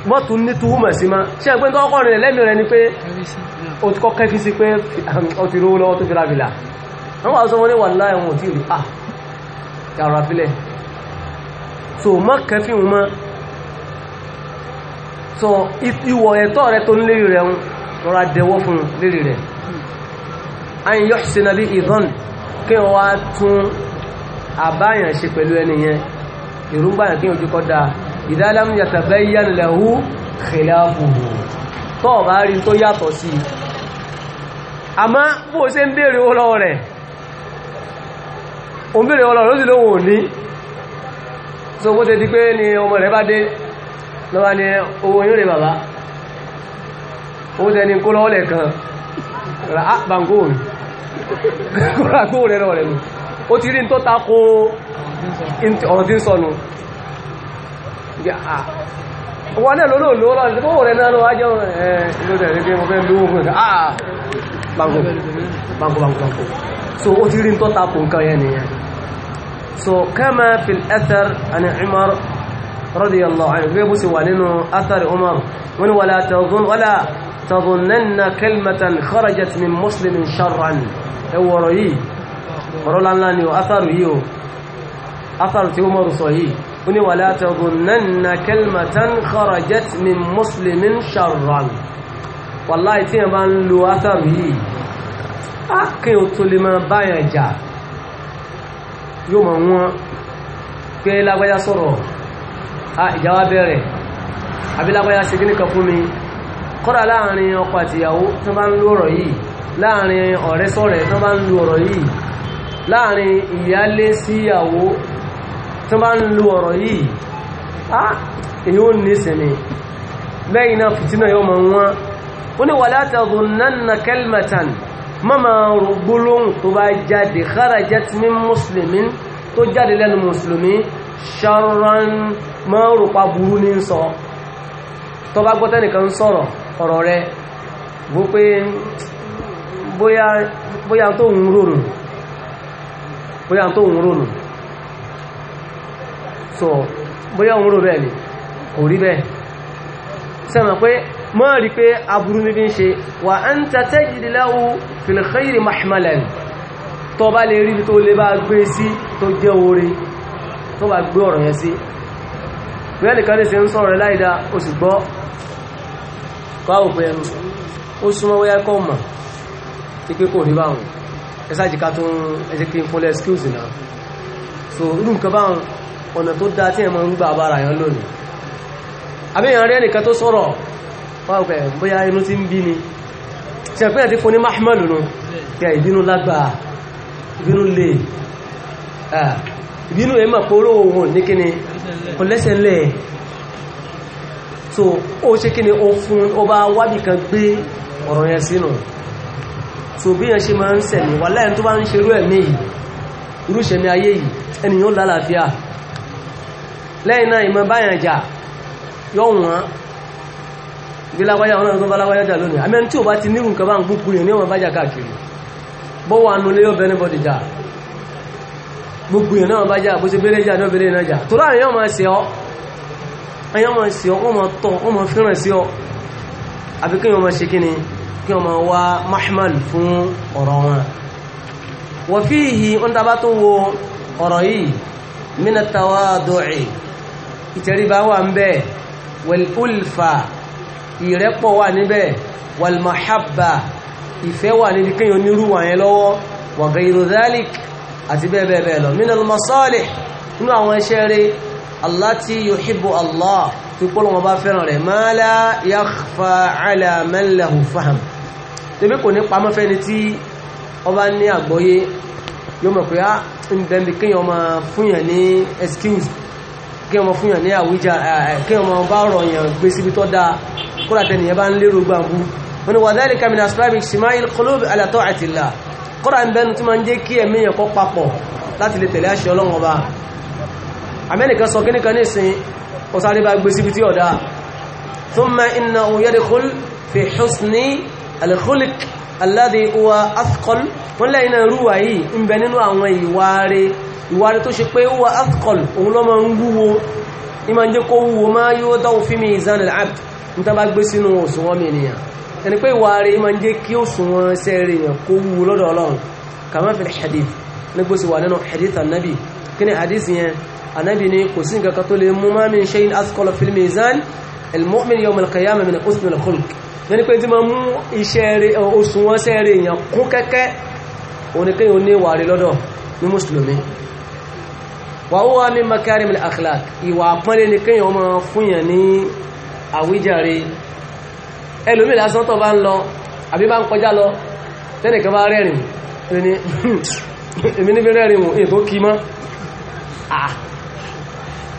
mọ́ hmm. tún ní túhùmọ̀ sí ma ṣe ẹgbẹ́ tó kọ́ rẹ̀ lẹ́mìí rẹ̀ ni pé o ti kọ́ kẹfí sí pé o ti rówó lọ́wọ́ tó fi rábìlà wọ́n wà sọ wọ́n ní wà láàrín wọn ò tí rí à yàrá fílẹ̀ so ma kẹfí wọn mọ́ so if you were tó ń lérí rẹ̀ ń rọra dẹwọ́ fún lérí rẹ̀ ayin yọ́ sí nàbí ìdán kí wọ́n wá tún àbáyàn ṣe pẹ̀lú ẹni yẹn ìrúgbàyàn kí ojú kọ́ da ìdálámù yàtà bẹ́ yánu lẹ́hú khilafuhu tó ọ̀bá rí tó yàtọ̀ sí i àmá bó ṣe ń béèrè owó rẹ̀ o ń béèrè owó lọ́wọ́ rẹ̀ ó sì lówó ní so bó ṣe di pé ni ọmọ rẹ̀ bá dé lọ́wọ́ kọ́ra gbóhùn rẹ̀ rẹ̀ ni ó ti rí ní tó tako ọ̀rọ̀ tí ń sọnù wọ́n náà lọ́nà lọ́wọ́ lọ́wọ́ tó rẹ̀ náà lọ́wọ́ ajọ́ ẹ̀ lọ́dẹ̀ rẹ̀ pé mo fẹ́ lówó fún ẹ̀ ah bango bango bango bango so ó ti rí ní tó so kama fil athar ani Umar radiyallahu anhu gbé bó sì wà nínú athari umar wọ́n ni wala tadhun wala tadhunanna kalimatan kharajat min muslimin sharran ẹwọ̀rọ̀ yìí ọ̀rọ̀ lánlá ni athari yìí o athari tí umar sọ yìí wọ́n ni wala tadhunanna kalimatan kharajat min muslimin sharran wàláì tí yẹn bá ń lo athari yìí á kí o tó lè máa báyàn jà yóò mọ̀ wọ́n pé lágbájá sọ̀rọ̀ Ah, ìjà wa bẹ̀rẹ̀ abilágbáyà ṣe kíní kan fún mi kọ́dà láàrin ọkọ àtìyàwó tó bá ń lo ọ̀rọ̀ yìí láàrin ọ̀rẹ́ sọ̀rẹ́ tó bá ń lo ọ̀rọ̀ yìí láàrin ìyálé síyàwó tó bá ń lo ọ̀rọ̀ yìí á ah, èyí ó ní ìsinmi bẹ́ẹ̀ iná fìtínà yóò mọ̀ wọ́n mọ́ rùpa burú ní ń sọ tó bá gbọ́ tẹ́nìkan ń sọ̀rọ̀ ọ̀rọ̀ rẹ bó pé bóyá tó ń rònù bóyá tó ń rònù so bóyá ń rò bẹ́ẹ̀ ni kò rí bẹ́ẹ̀ sẹ́mọ̀ pé mọ́ rí pé aburú ní bí ń ṣe wà ń tàtẹ́ ìdíláwó fil khairi mahmalan tó bá lè rí tó lè bá gbé sí tó jẹ́ orí tó bá gbé ọ̀rọ̀ yẹn sí pé ẹnìkan ní ṣe ń sọ̀rọ̀ láìdá o sì gbọ́ káwò pé ẹnu ó súnmọ́ wáyá kọ́ mọ̀ tí pé kò rí báwọn ẹsájìká tó fọ́lẹ̀ excuse náà so irú nǹkan báwọn ọ̀nà tó dá tí ẹmọ ń gbà bára yàn lónìí ti ni ti ìbínú kò lẹ́sẹ̀ ńlẹ̀ so ó ṣe kí ni ó fún ó bá wábì kan gbé ọ̀rọ̀ yẹn sínú so bí yẹn ṣe máa ń sẹ̀mí wà láyé tó bá ń ṣerú ẹ̀mí yìí irú ìṣẹ̀mí ayé yìí ènìyàn lálàáfíà lẹ́yìn náà ìmọ̀ báyàn jà yọ wọ́n bí lágbájá wọn náà tó bá lágbájá jà gbogbo èèyàn náà bá jà bó ṣe bẹ́rẹ̀ jà náà bẹ́rẹ̀ náà jà tó láàrin yóò máa ṣe ọ́ ẹyọ́ máa ṣe ọ́ ọmọ tọ́ ọmọ fẹ́ràn sí ọ́ àbí kí wọ́n máa ṣe kí ni kí wọ́n máa wá mahmal fún ọ̀rọ̀ wọn wọ́n fi hì ń taba tó wo ọ̀rọ̀ yìí mina tawadu'i ìtẹríba wà ń bẹ́ẹ̀ wal ulfa ìrẹ́pọ̀ wà níbẹ̀ wal mahabba ìfẹ́ wà níbi kéèyàn onírúwà yẹn lọ́wọ́ wa ghayru dhalik àti bẹ́ẹ̀ bẹ́ẹ̀ bẹ́ẹ̀ lọ minal masalih nínú àwọn iṣẹ́ rẹ̀ allati yuhibbu Allah tí pọ́lọ̀ wọn bá fẹ́ràn rẹ̀ ma la yakhfa ala man lahu faham tẹ́bí kò ní pamọ́ fẹ́ni tí ọba ní àgbọ́yé yóò mọ̀ pé á ah, ń bẹ̀mí kí ọmọ fúnyàn ní excuse kí ọmọ fúnyàn ní àwíjà kí ọmọ bá rọ̀ ni wa dhalika min asbabi ijtima'i al-qulub kọ́ra ń bẹnu tí ma ń jẹ́ kí ẹ̀mí yẹn kọ́ papọ̀ láti lè tẹ̀lé àṣẹ ọlọ́run ọba amẹ́nìkan sọ kíníkan ní ìsìn ó sáré bá gbé síbi tí ọ̀dá thumma innahu yadkhul fi husni al-khuluq alladhi huwa athqal wọ́n lẹ́yìn náà rúwà yìí ń bẹ nínú àwọn ìwáre ìwáre tó máa ń wúwo ní ma ń jẹ́ kó gbé sínú òṣùwọ̀n ẹni pé ìwà rẹ̀ máa ń jẹ́ kí ó sùn wọn ṣe rẹ̀ yàn kó wú lọ́dọ̀ ọlọ́run kàmá fi hadith ní bó sì wà nínú hadith anabi kí ni hadith yẹn anabi ni kò sí nǹkan kan tó lè mú máa mi ṣe in asukọlọ fil mizan al-mu'min yawm al-qiyamah min husn al-khuluq ní pé tí ma mú iṣẹ́ rẹ̀ oṣù wọn ṣe rẹ̀ yàn kún kẹ́kẹ́ oníkẹ́yìn oní ìwà rẹ̀ lọ́dọ̀ ní mùsùlùmí wà ó wá min makarim al-akhlaq ìwà àpọ́nlé ni kéèyàn máa fúnyàn ní àwíjàre ẹlòmí lásán tó bá ń lọ àbí bá ń kọjá lọ tẹ́nìkan bá rẹ́rìn hmm, èmi níbi rẹ́rìn mú èyí tó kí mọ́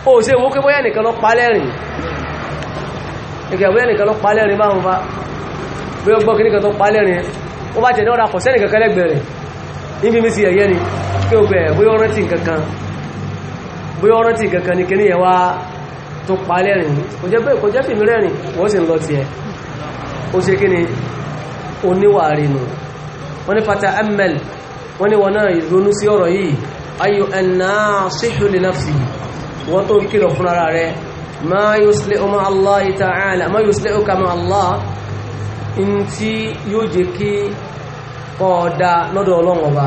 ó ṣe wó kí bóyá nìkan lọ palẹ́rìn ìgbẹ̀bóyá nìkan lọ palẹ́rìn báhùn bá bóyá gbọ́ kíníkan tó palẹ́rìn ó bá jẹ̀dọ́ rapọ̀ sẹ́nìkan kẹlẹ́gbẹ̀rẹ̀ níbi mi sí ni kí o bẹ̀ bóyá rántí nǹkankan bóyá rántí nǹkankan ni kíní yẹn wá tó palẹ́rìn kò jẹ́ fìmí rẹ́rìn wọ́n sì ń ó ṣe kí ni oníwà rínú wọ́n ni fata ammel wọ́n ni wọ́n náà ìrónú sí ọ̀rọ̀ yìí ayu ẹ̀nà ṣíṣù lè náfsì wọ́n tó kìlọ̀ fún ara rẹ̀ ma yusli'u ma Allah ta'ala ma yusli'u ka ma Allah in tí yóò jẹ́ kí ọ̀dá lọ́dọ̀ ọlọ́run ọba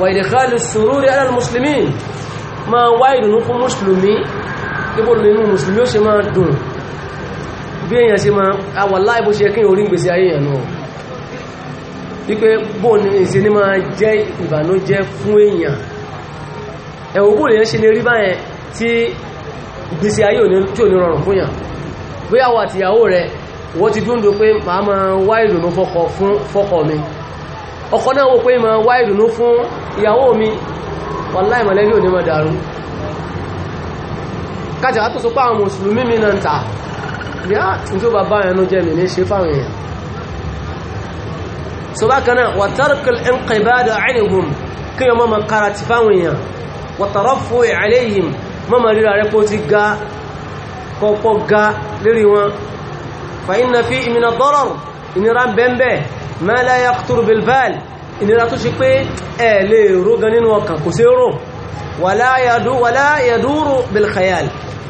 وإدخال السرور على المسلمين ما وايد wá مسلمي fún mùsùlùmí ipò nínú دون ó ṣe máa dùn bí èyàn ṣe máa àwà láìbó ṣe kí orí gbèsè ayé èyàn náà wípé bóò ní ìṣe ní máa jẹ́ ìbànújẹ́ fún èyàn ẹ̀wọ̀n bóò lè ṣe lè rí báyẹn tí gbèsè ayé ò ní rọrùn fún yàn bóyá wà tìyàwó rẹ̀ wọ́n ti dúndò pé màá máa wá ìdùnnú fọ́kọ mi ọkọ náà wò pé ma wá ìdùnnú fún ìyàwó mi wàláì mọ̀lẹ́bí ò ní mọ̀ dàrú kájà tó sọ pé àwọn mùsùlùmí mi náà ń ta bí á tí tó bá bá ẹnu jẹ́ mi ní ṣe fáwọn èèyàn so bákan náà wà tarkul inqibada anhum kí ọmọ ma kára ti ga lérí wọn fa inna fi min ad ìnira bẹ́ẹ̀ ma la yaqtur bil bal ìnira tó ṣe pé ẹ lè ró gan nínú ọkàn kò sí rò wala yadu wala yaduru bil khayal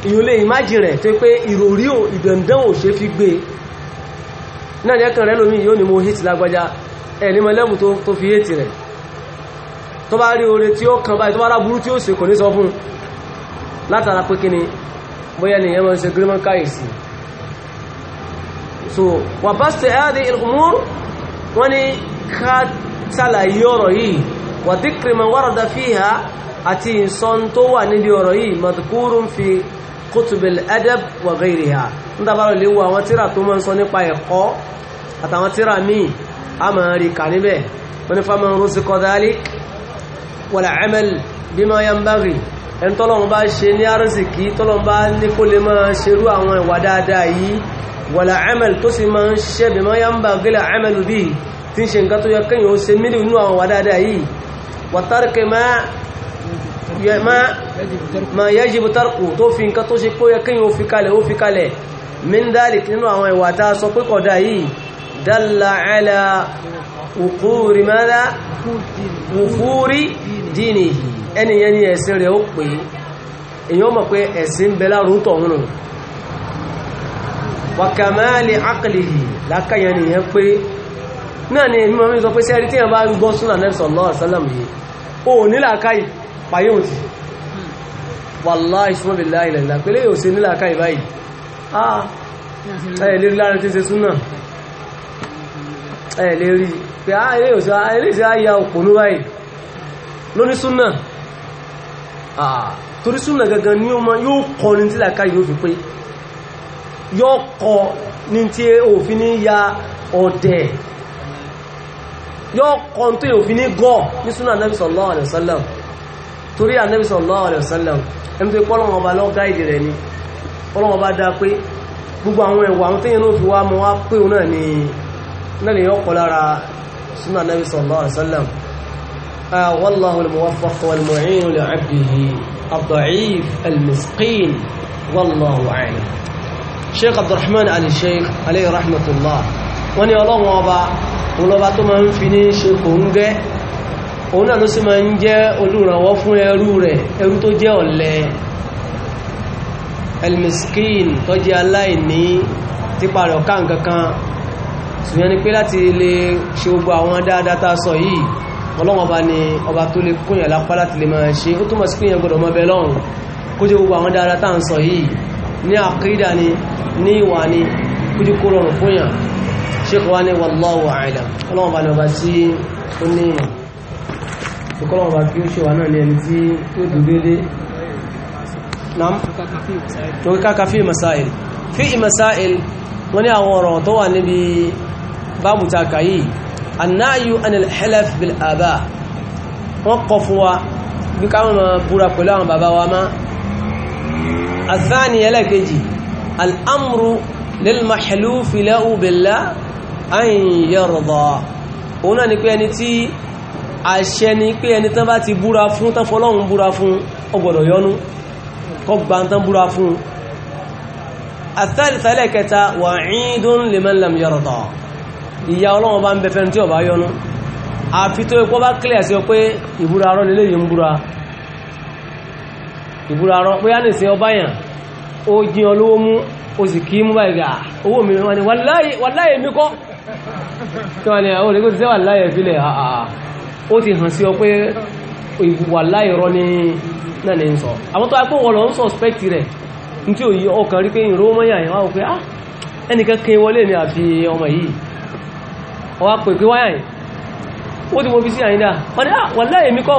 ìyún lè ìmájì rẹ̀ tó pé ìròrí ò ìdàndán ò ṣe fi gbé náà ní ẹkàn rẹ̀ lómi yóò ní mo hìtì lágbájá ẹ̀ ní mọ́lẹ́mù tó fi hìtì rẹ̀ tó bá rí oore tí ó kàn báyìí tó bá ráburú tí ó sì kò ní sọ fún látara pé kí ni bóyá ni ìyẹn mọ́ ṣe gírímọ́ káyìsì so wà bá ṣe ẹ́ wọ́n ní ká sàlàyé ọ̀rọ̀ yìí wà tí kìrìmọ̀ wárọ̀dá fi hà àti ìsọ́n tó wà níbi ọ̀rọ̀ yìí madhkurun fi kutubil adab wa ghayriha ń dábàrọ̀ léwu àwọn tíra tó máa ń sọ nípa ẹ̀kọ́ àtàwọn tíra míì a máa rí kà níbẹ̀ wọ́n ní faman bá ṣe ní arzikí tọ́lọ́run bá ní kó lè máa ṣerú àwọn ìwà dáadáa yìí wàlá amal tó sì máa ń ṣẹ́bẹ̀ máa yá ń bá gílẹ̀ amalu bí tí ń ṣe nǹkan tó yẹ kẹ́yìn ó ṣe mílì inú àwọn wà dáadáa yìí wà tárkì máa yajibu tarku tó fi nǹkan tó ṣe pé yẹ kẹ́yìn ó fi kalẹ̀ ó fi kalẹ̀ min dhalik nínú àwọn ìwà tá a sọ pé kódà yìí dalla ala wùfúrí mada wùfúrí dinihi ẹniyẹn ni ẹ̀sìn rẹ̀ ó pè é èèyàn mọ̀ pé ẹ̀sìn bẹ́lá rútọ̀ hùn wàkàmáàlì àkìlìhì lákàyà nìyẹn pé náà ni èmi mọ́mí sọ pé sẹ́rí tí a bá gbọ́ súnà Nábì sallallahu alaihi wasallam yìí o nílàkàyì pàyé òtì wallahi suma billahi ìlàlá pé léyò sí nílàkàyì báyìí ah ẹ̀ lérí lára tí ń ṣe súnà ẹ̀ lérí pé ah léyò sí eléyìí ah, ah, ah, torí súnà gangan ni yóò kọrin tí làkàyì yóò fi pé yóò kọ ní tí òfin ní ya ọ̀dẹ̀ yóò kọ tó òfin ní gọ́ ní súnà Ànábì sallallahu alaihi wasallam torí Ànábì sallallahu alaihi wasallam ẹni tó pọ́ lọ́wọ́ ọba lọ́ gáìdì rẹ̀ ni ọlọ́wọ́ bá والله الموفق والمعين لعبده الضعيف المسكين والله أعلم sheikh abdulrahman al-sheikh alayhi rahmatullah wọ́n ní ọlọ́run ọba olọba tó máa ń fi ní ṣe kò ń gẹ́ òun náà ló sì máa ń jẹ́ olùrànwọ́ fún ẹrú rẹ̀ ẹrú tó jẹ́ ọ̀lẹ elmiskin tó jẹ́ aláìní típa rẹ̀ ọ̀ká nkankan ṣùgbọ́n ni pé láti lè ṣe gbogbo àwọn dáadáa tá a sọ yìí ọlọ́run ọba ni ọba tó lè kúnyàn lápá láti lè máa ṣe ó túmọ̀ sí pé yẹn gbọ́dọ̀ mọ́ bẹ́ẹ̀ lọ́run kó jẹ́ gbogbo àwọn dáadáa tá a ń sọ ní àkídà ni ní ìwà ni kújú kó rọrùn fún yàn ṣékò wá ní wallahu a'lam ọlọ́wọ́n bá ní ọba tí ó ní ìkọlọ́wọ́n bá kí ó ṣe wà náà ní ẹni tí ó dùn déédéé nam tó kíkà fi masáìl fi masáìl wọ́n ní kọ fún wa bí káwọn búra pẹ̀lú àwọn bàbá wa máa الثاني لك al'amru الأمر lahu billah بالله أن يرضى هنا ni نتي ẹni tí àṣẹ ni pé ẹni tán bá ti búra fún tán fọlọ́run búra fún ó gbọ́dọ̀ yọnú kọ́ gbà tán búra fún àtàlìtà ẹlẹ́kẹta wà ìdún liman lam yarda ìyá ọlọ́run bá ń bẹ tí ó bá yọnú àfi tó bá kílẹ̀ sí ọ pé ìbúra arọ́ ìbúra rọ pé ánìsìn ọba yàn ó jí ọ lówó mú ó sì kí mú báyìí gà ah, owó mi wọ́n ni wàláyé mi kọ́ tí wọ́n ni àwọn olùkọ́ ti sẹ́ fílẹ̀ àà ah, ah, ó ti hàn sí ọ pé rọ ní náà ní sọ àwọn tó rẹ̀ ní tí ọkàn rí pé ìró wá pé ẹnìkan kí wọlé ní àfi ọmọ yìí pè pé wáyà ó ti bí sí àyíndà mi kọ́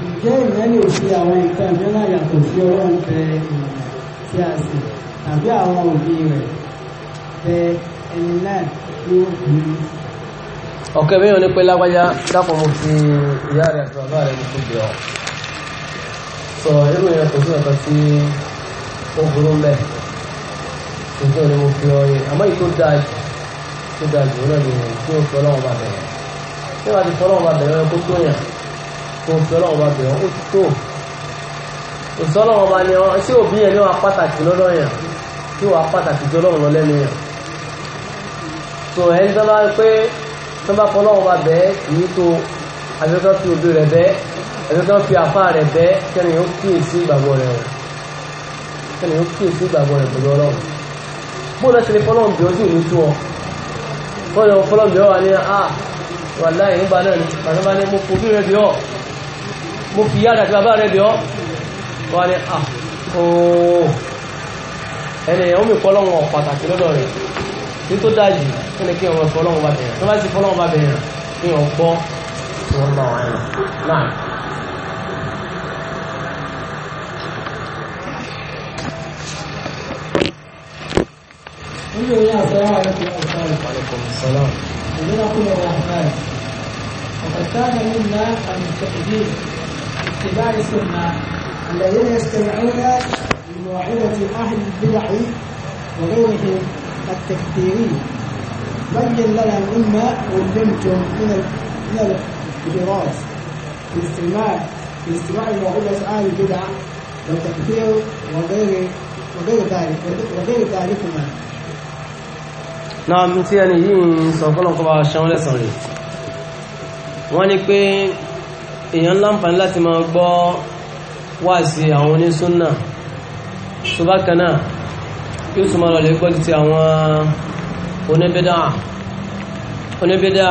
ǹjẹ́ ìyẹn lè fi àwọn nǹkan mìíràn yàtọ̀ sí ọlọ́run tẹ ìrìn tí a sì tàbí àwọn òbí rẹ̀ tẹ ẹni náà tí ó kù ú. ọ̀kẹ́ mi ò ní pẹ́ lágbájá dápọ̀ mo fi ìyá rẹ̀ àti bàbá rẹ̀ kò bẹ̀ ọ́ sọ irú yẹn kò sí ọ̀kan tí ó burú mẹ́ tuntun ni mo fi ọ yẹ àmọ́ yìí tó dáa jù tó dáa jù ó náà lè tí ó fi bá bẹ̀rẹ̀ tí wàá ti fi bá bẹ̀rẹ̀ kó tó yàn kò fi ọlọ́run bá bẹ̀rẹ̀ ó ti tó kò sí ọlọ́run bá ní ọ ṣé òbí yẹn ní wàá pàtàkì lọ́dọ̀ yẹn tí wàá pàtàkì jọ ọlọ́run lọ lẹ́nu yẹn tó ẹni tó bá pé tó bá fọlọ́ ọba bẹ́ẹ̀ kìí tó abẹ́kọ́ fi òbí rẹ̀ bẹ́ẹ̀ abẹ́kọ́ fi àfá rẹ̀ bẹ́ẹ̀ kẹ́ni ó kíyèsí ìgbàgbọ́ rẹ̀ kẹ́ni ó kíyèsí ìgbàgbọ́ rẹ̀ pẹ̀lú ọlọ́run bóun náà ṣe lè fọlọ́ ọ̀bẹ ojú ìlú tó ní à wà mo fi yára àti bàbá rẹ̀ bí ọ́ wà ní àkóò ah, ẹni ẹ̀yàn omi fọ́lọ́wọ́ pàtàkì lọ́dọ̀ rẹ̀ ní tó dájì kí ni kí ọmọ fọ́lọ́wọ́ bá bẹ̀rẹ̀ tó bá sì fọ́lọ́wọ́ bá bẹ̀rẹ̀ kí wọ́n gbọ́ tí wọ́n bá wọn náà. Nínú ìyá àtọ́wọ́ àlẹ́kùn ọ̀sán ìpàlẹ̀kùn ìsọ́lá. Ìlú wa kúrò wà náà. Ọ̀pọ̀ táwọn ìlú náà àmì اتباع السنة الذين يستمعون لموعظة أهل البدع وغيرهم التكفيري بين لنا مما علمتم من من الكبيرات الاستماع الاستماع لموعظة أهل البدع والتكفير وغير وغير ذلك وغير ذلكما náà mi tí ẹni yìí ń sọ fọ́lọ́kọ́ wọ́n ní pé èèyàn láǹfààní láti máa gbọ́ wáàsí àwọn onísúnnà tó bá kan náà yóò tún máa lọlẹ́ gbọ́ ti àwọn oníbídà oníbídà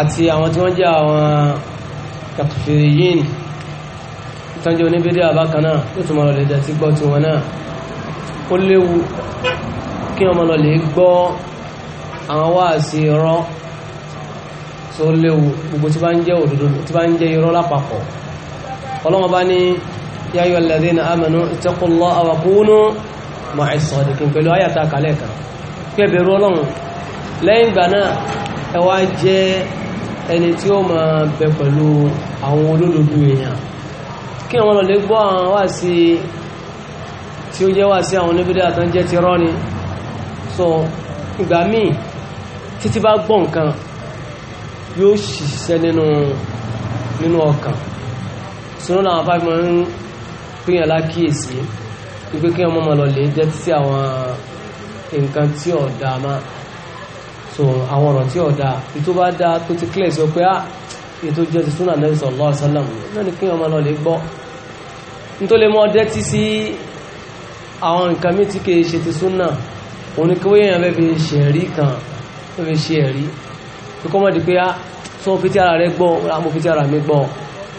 àti àwọn tí wọ́n jẹ́ àwọn kàfìríyìn ìtànjẹ́ oníbídà bákan náà yóò tún máa lọlẹ́ dẹ̀ sí gbọ́ tiwọn náà ó léwu kí wọ́n máa lọlẹ́ gbọ́ àwọn wáàsí ọ̀rọ̀ tó léwu gbogbo tí bá ń jẹ́ òdodo tí bá ń jẹ́ irọ́ lápapọ̀ ọlọ́wọ́n bá ní ya ayyuhal ladhina amanu ittaqullaha wa kunu ma'as sadiqin pẹ̀lú ayàtà kalẹ̀ kan pé bẹ̀rù ọlọ́run lẹ́yìn ìgbà náà ẹ so ìgbà míì títí bá gbọ́ nǹkan yóò ṣiṣẹ́ nínú nínú ọkàn sínú làwọn afáàgbọ́n ń pínyàn lákìyèsí wípé kí ọmọ lọ lè jẹ́ sí àwọn nǹkan tí ò dáa má so àwọn ọ̀rọ̀ tí ò dáa èyí tó bá dáa tó ti clear sí ọ pé ah èyí tó jẹ́ ti súnà Nábì sallallahu alaihi wasallam náà ni kí ọmọ lọ lè gbọ́ nítorí mọ́ dẹ́tí sí àwọn nǹkan mi tí kìí ṣe ti súnà òun ni kí wọ́n yẹn fẹ́ fi ṣe ẹ̀rí kan fẹ́ fi ṣe tó kọ́ mọ́ di pé á ah, tó fi tí ara rẹ gbọ́ ah, mo fi tí ara mi gbọ́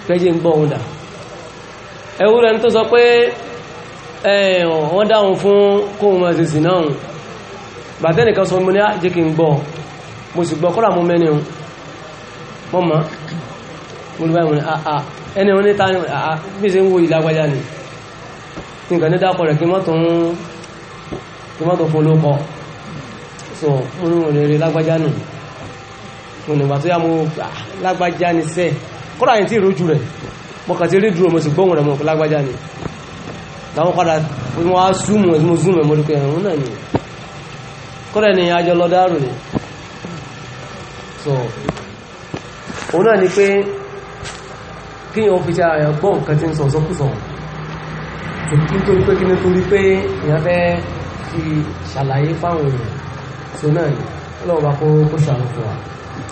kẹ́jẹ́ ń gbọ́ òun dà ẹwúrẹ́ ní tó sọ pé wọ́n dáhùn fún kóhun máa ṣe sì náà bàtẹ́nìkan sọ mo ní ah, jẹ́ kí n gbọ́ mo sì gbọ́ kọ́lá mo mẹ́ni o mọ́ mọ́ mo lè báyìí ẹni wọn ní bí ṣe ń wo ìlágbájá ni nǹkan ní dákọ̀ rẹ̀ kí mọ́ fún olókọ so mo ní wọn lè rí lágbájá nù onígbà tó yá mo lágbájá ni sẹ́ kọ́ra yẹn tí ìrójú rẹ̀ mo kàn ti rí dúró mo sì gbóhùn rẹ̀ mo kò lágbájá ni làwọn padà mo wá zoom ẹ̀ mo zoom ẹ̀ mo rí pé ẹ̀rùn náà ni kọ́ra ni ajọ lọ ni so òun náà ni pé kí yẹn fi ṣe àyàn gbọ́ nǹkan tí ń sọ sọ́kùsọ̀ nítorí kí ni torí pé èèyàn fẹ́ fi ṣàlàyé fáwọn èèyàn so bá kó kó ṣàlùfọ̀ wa.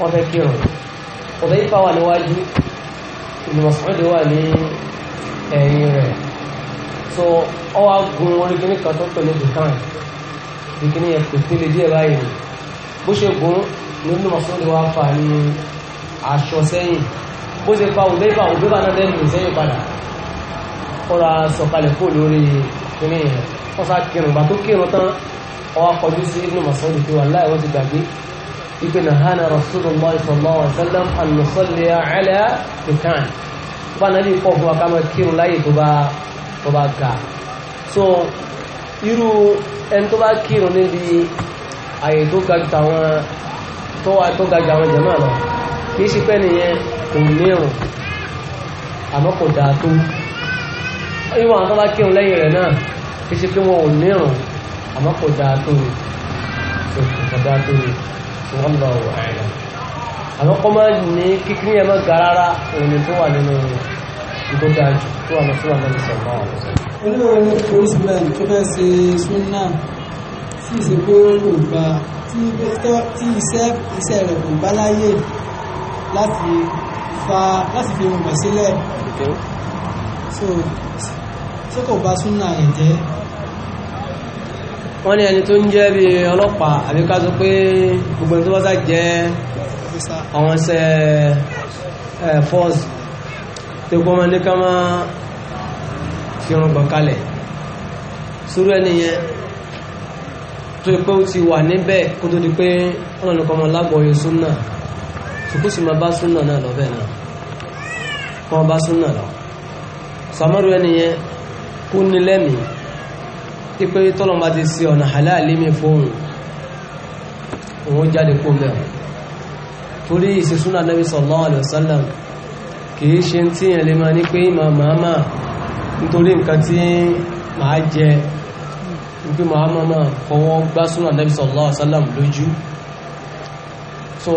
wọ́n fẹ́ kírun ọ̀bẹ́ ifá wà níwájú ìlúmọ̀sọ́dé wà ní so ọ wá gun orí kíní kan tó pè ní dùkán ìkíní yẹn kò tẹ́lé díẹ̀ báyìí bó ṣe gun ní ìlúmọ̀sọ́dé wà fà ní aṣọ sẹ́yìn bó ṣe fa ọ̀bẹ́ ifá ọ̀bẹ́ bá náà dẹ́nu sẹ́yìn padà ọ̀rọ̀ sọ̀kalẹ̀ kó lórí kíní yẹn wọ́n sá kírun gbà tó kírun tán ọ wá kọjú sí ìlúmọ̀sọ́dé pé wà ti gbàgbé ipe nahana rasulullah sallallahu alaihi wasallam an nusalli ala fitan bá nàbí kọ́ fún wa ká máa kírun láyè tó bá tó bá ga so irú ẹni tó bá kírun níbi àyè tó ga ju àwọn tó wà tó ga ju àwọn jẹ̀mọ́ lọ kì í ṣe pé nìyẹn kò nírun àmọ́ kò dáa tó ìwọ̀n àwọn tó bá kírun lẹ́yìn rẹ̀ náà kì í ṣe pé wọn ò nírun àmọ́ kò dáa tó ẹ̀dá tó ní wọ́n lọ wọ àìlọ. àwọn kọ́ máa ní kíkiri ẹ̀ máa ga rárá òní tó wà nínú igbó dáa jù tó wà lọ́sọ̀rọ̀ lẹ́nu sọ̀rọ̀ àwọn ọ̀sẹ̀. oníròyìn policeman tó so tí kò bá wọ́n ní ẹni tó ń jẹ́ bí ọlọ́pàá àbí ká sọ pé gbogbo ẹni tó bá sá jẹ́ àwọn ṣe fọ́ọ̀sì tó kọ́ máa ní ká máa fi ọrùn gbọ̀n kalẹ̀ sórí ẹni yẹn tó pé ó ti wà níbẹ̀ kó tó di pé ọ̀nà nìkan máa tí pé tọ́lọ́n ti na ọ̀nà halali mi fóun òun jáde kó mẹ́ torí ìṣesúnà nabi sallallahu alaihi na kìí ṣe tí yẹn lè máa ní pé ìmọ̀ màámà nítorí nǹkan tí màá jẹ nítorí màámà máa fọwọ́ gbá súnà nabi sallallahu lójú so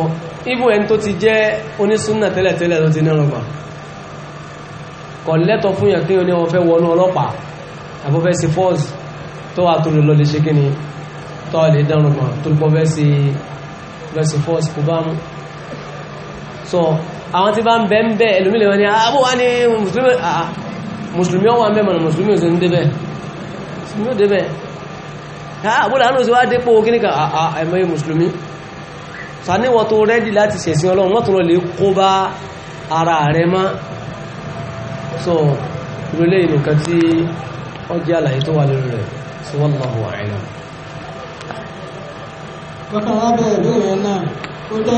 ibu ẹni tó ti jẹ́ onísúnà tẹ́lẹ̀tẹ́lẹ̀ tó ti nírùngbà kọ̀ lẹ́tọ̀ fún yẹn kí o fẹ́ wọnú ọlọ́pàá fọ́ọ̀sì tó wà tó lè lọ lè ṣe kí ni tó wà lè dánrùn mọ̀ tó pọ̀ fẹ́sì fẹ́sì fọ́ọ̀sì kò bá mú so àwọn tí bá ń bẹ ń bẹ ẹlòmí lè wọ́n ni àbò wá ní mùsùlùmí ọwọ́ ah, ah, ń bẹ mọ̀nà mùsùlùmí òsè ń débẹ̀ mùsùlùmí ò débẹ̀ àbò làánù sí wá dépò kí nìkan ah, ẹ̀mọ́yé mùsùlùmí ara rẹ̀ mọ́ so ìrọ̀lẹ́ ìnìkan tí ọjọ́ àlàyé tó wà lórí rẹ̀ so wallahu a'lam. bákan wá bẹ̀rẹ̀ lóòrè náà ó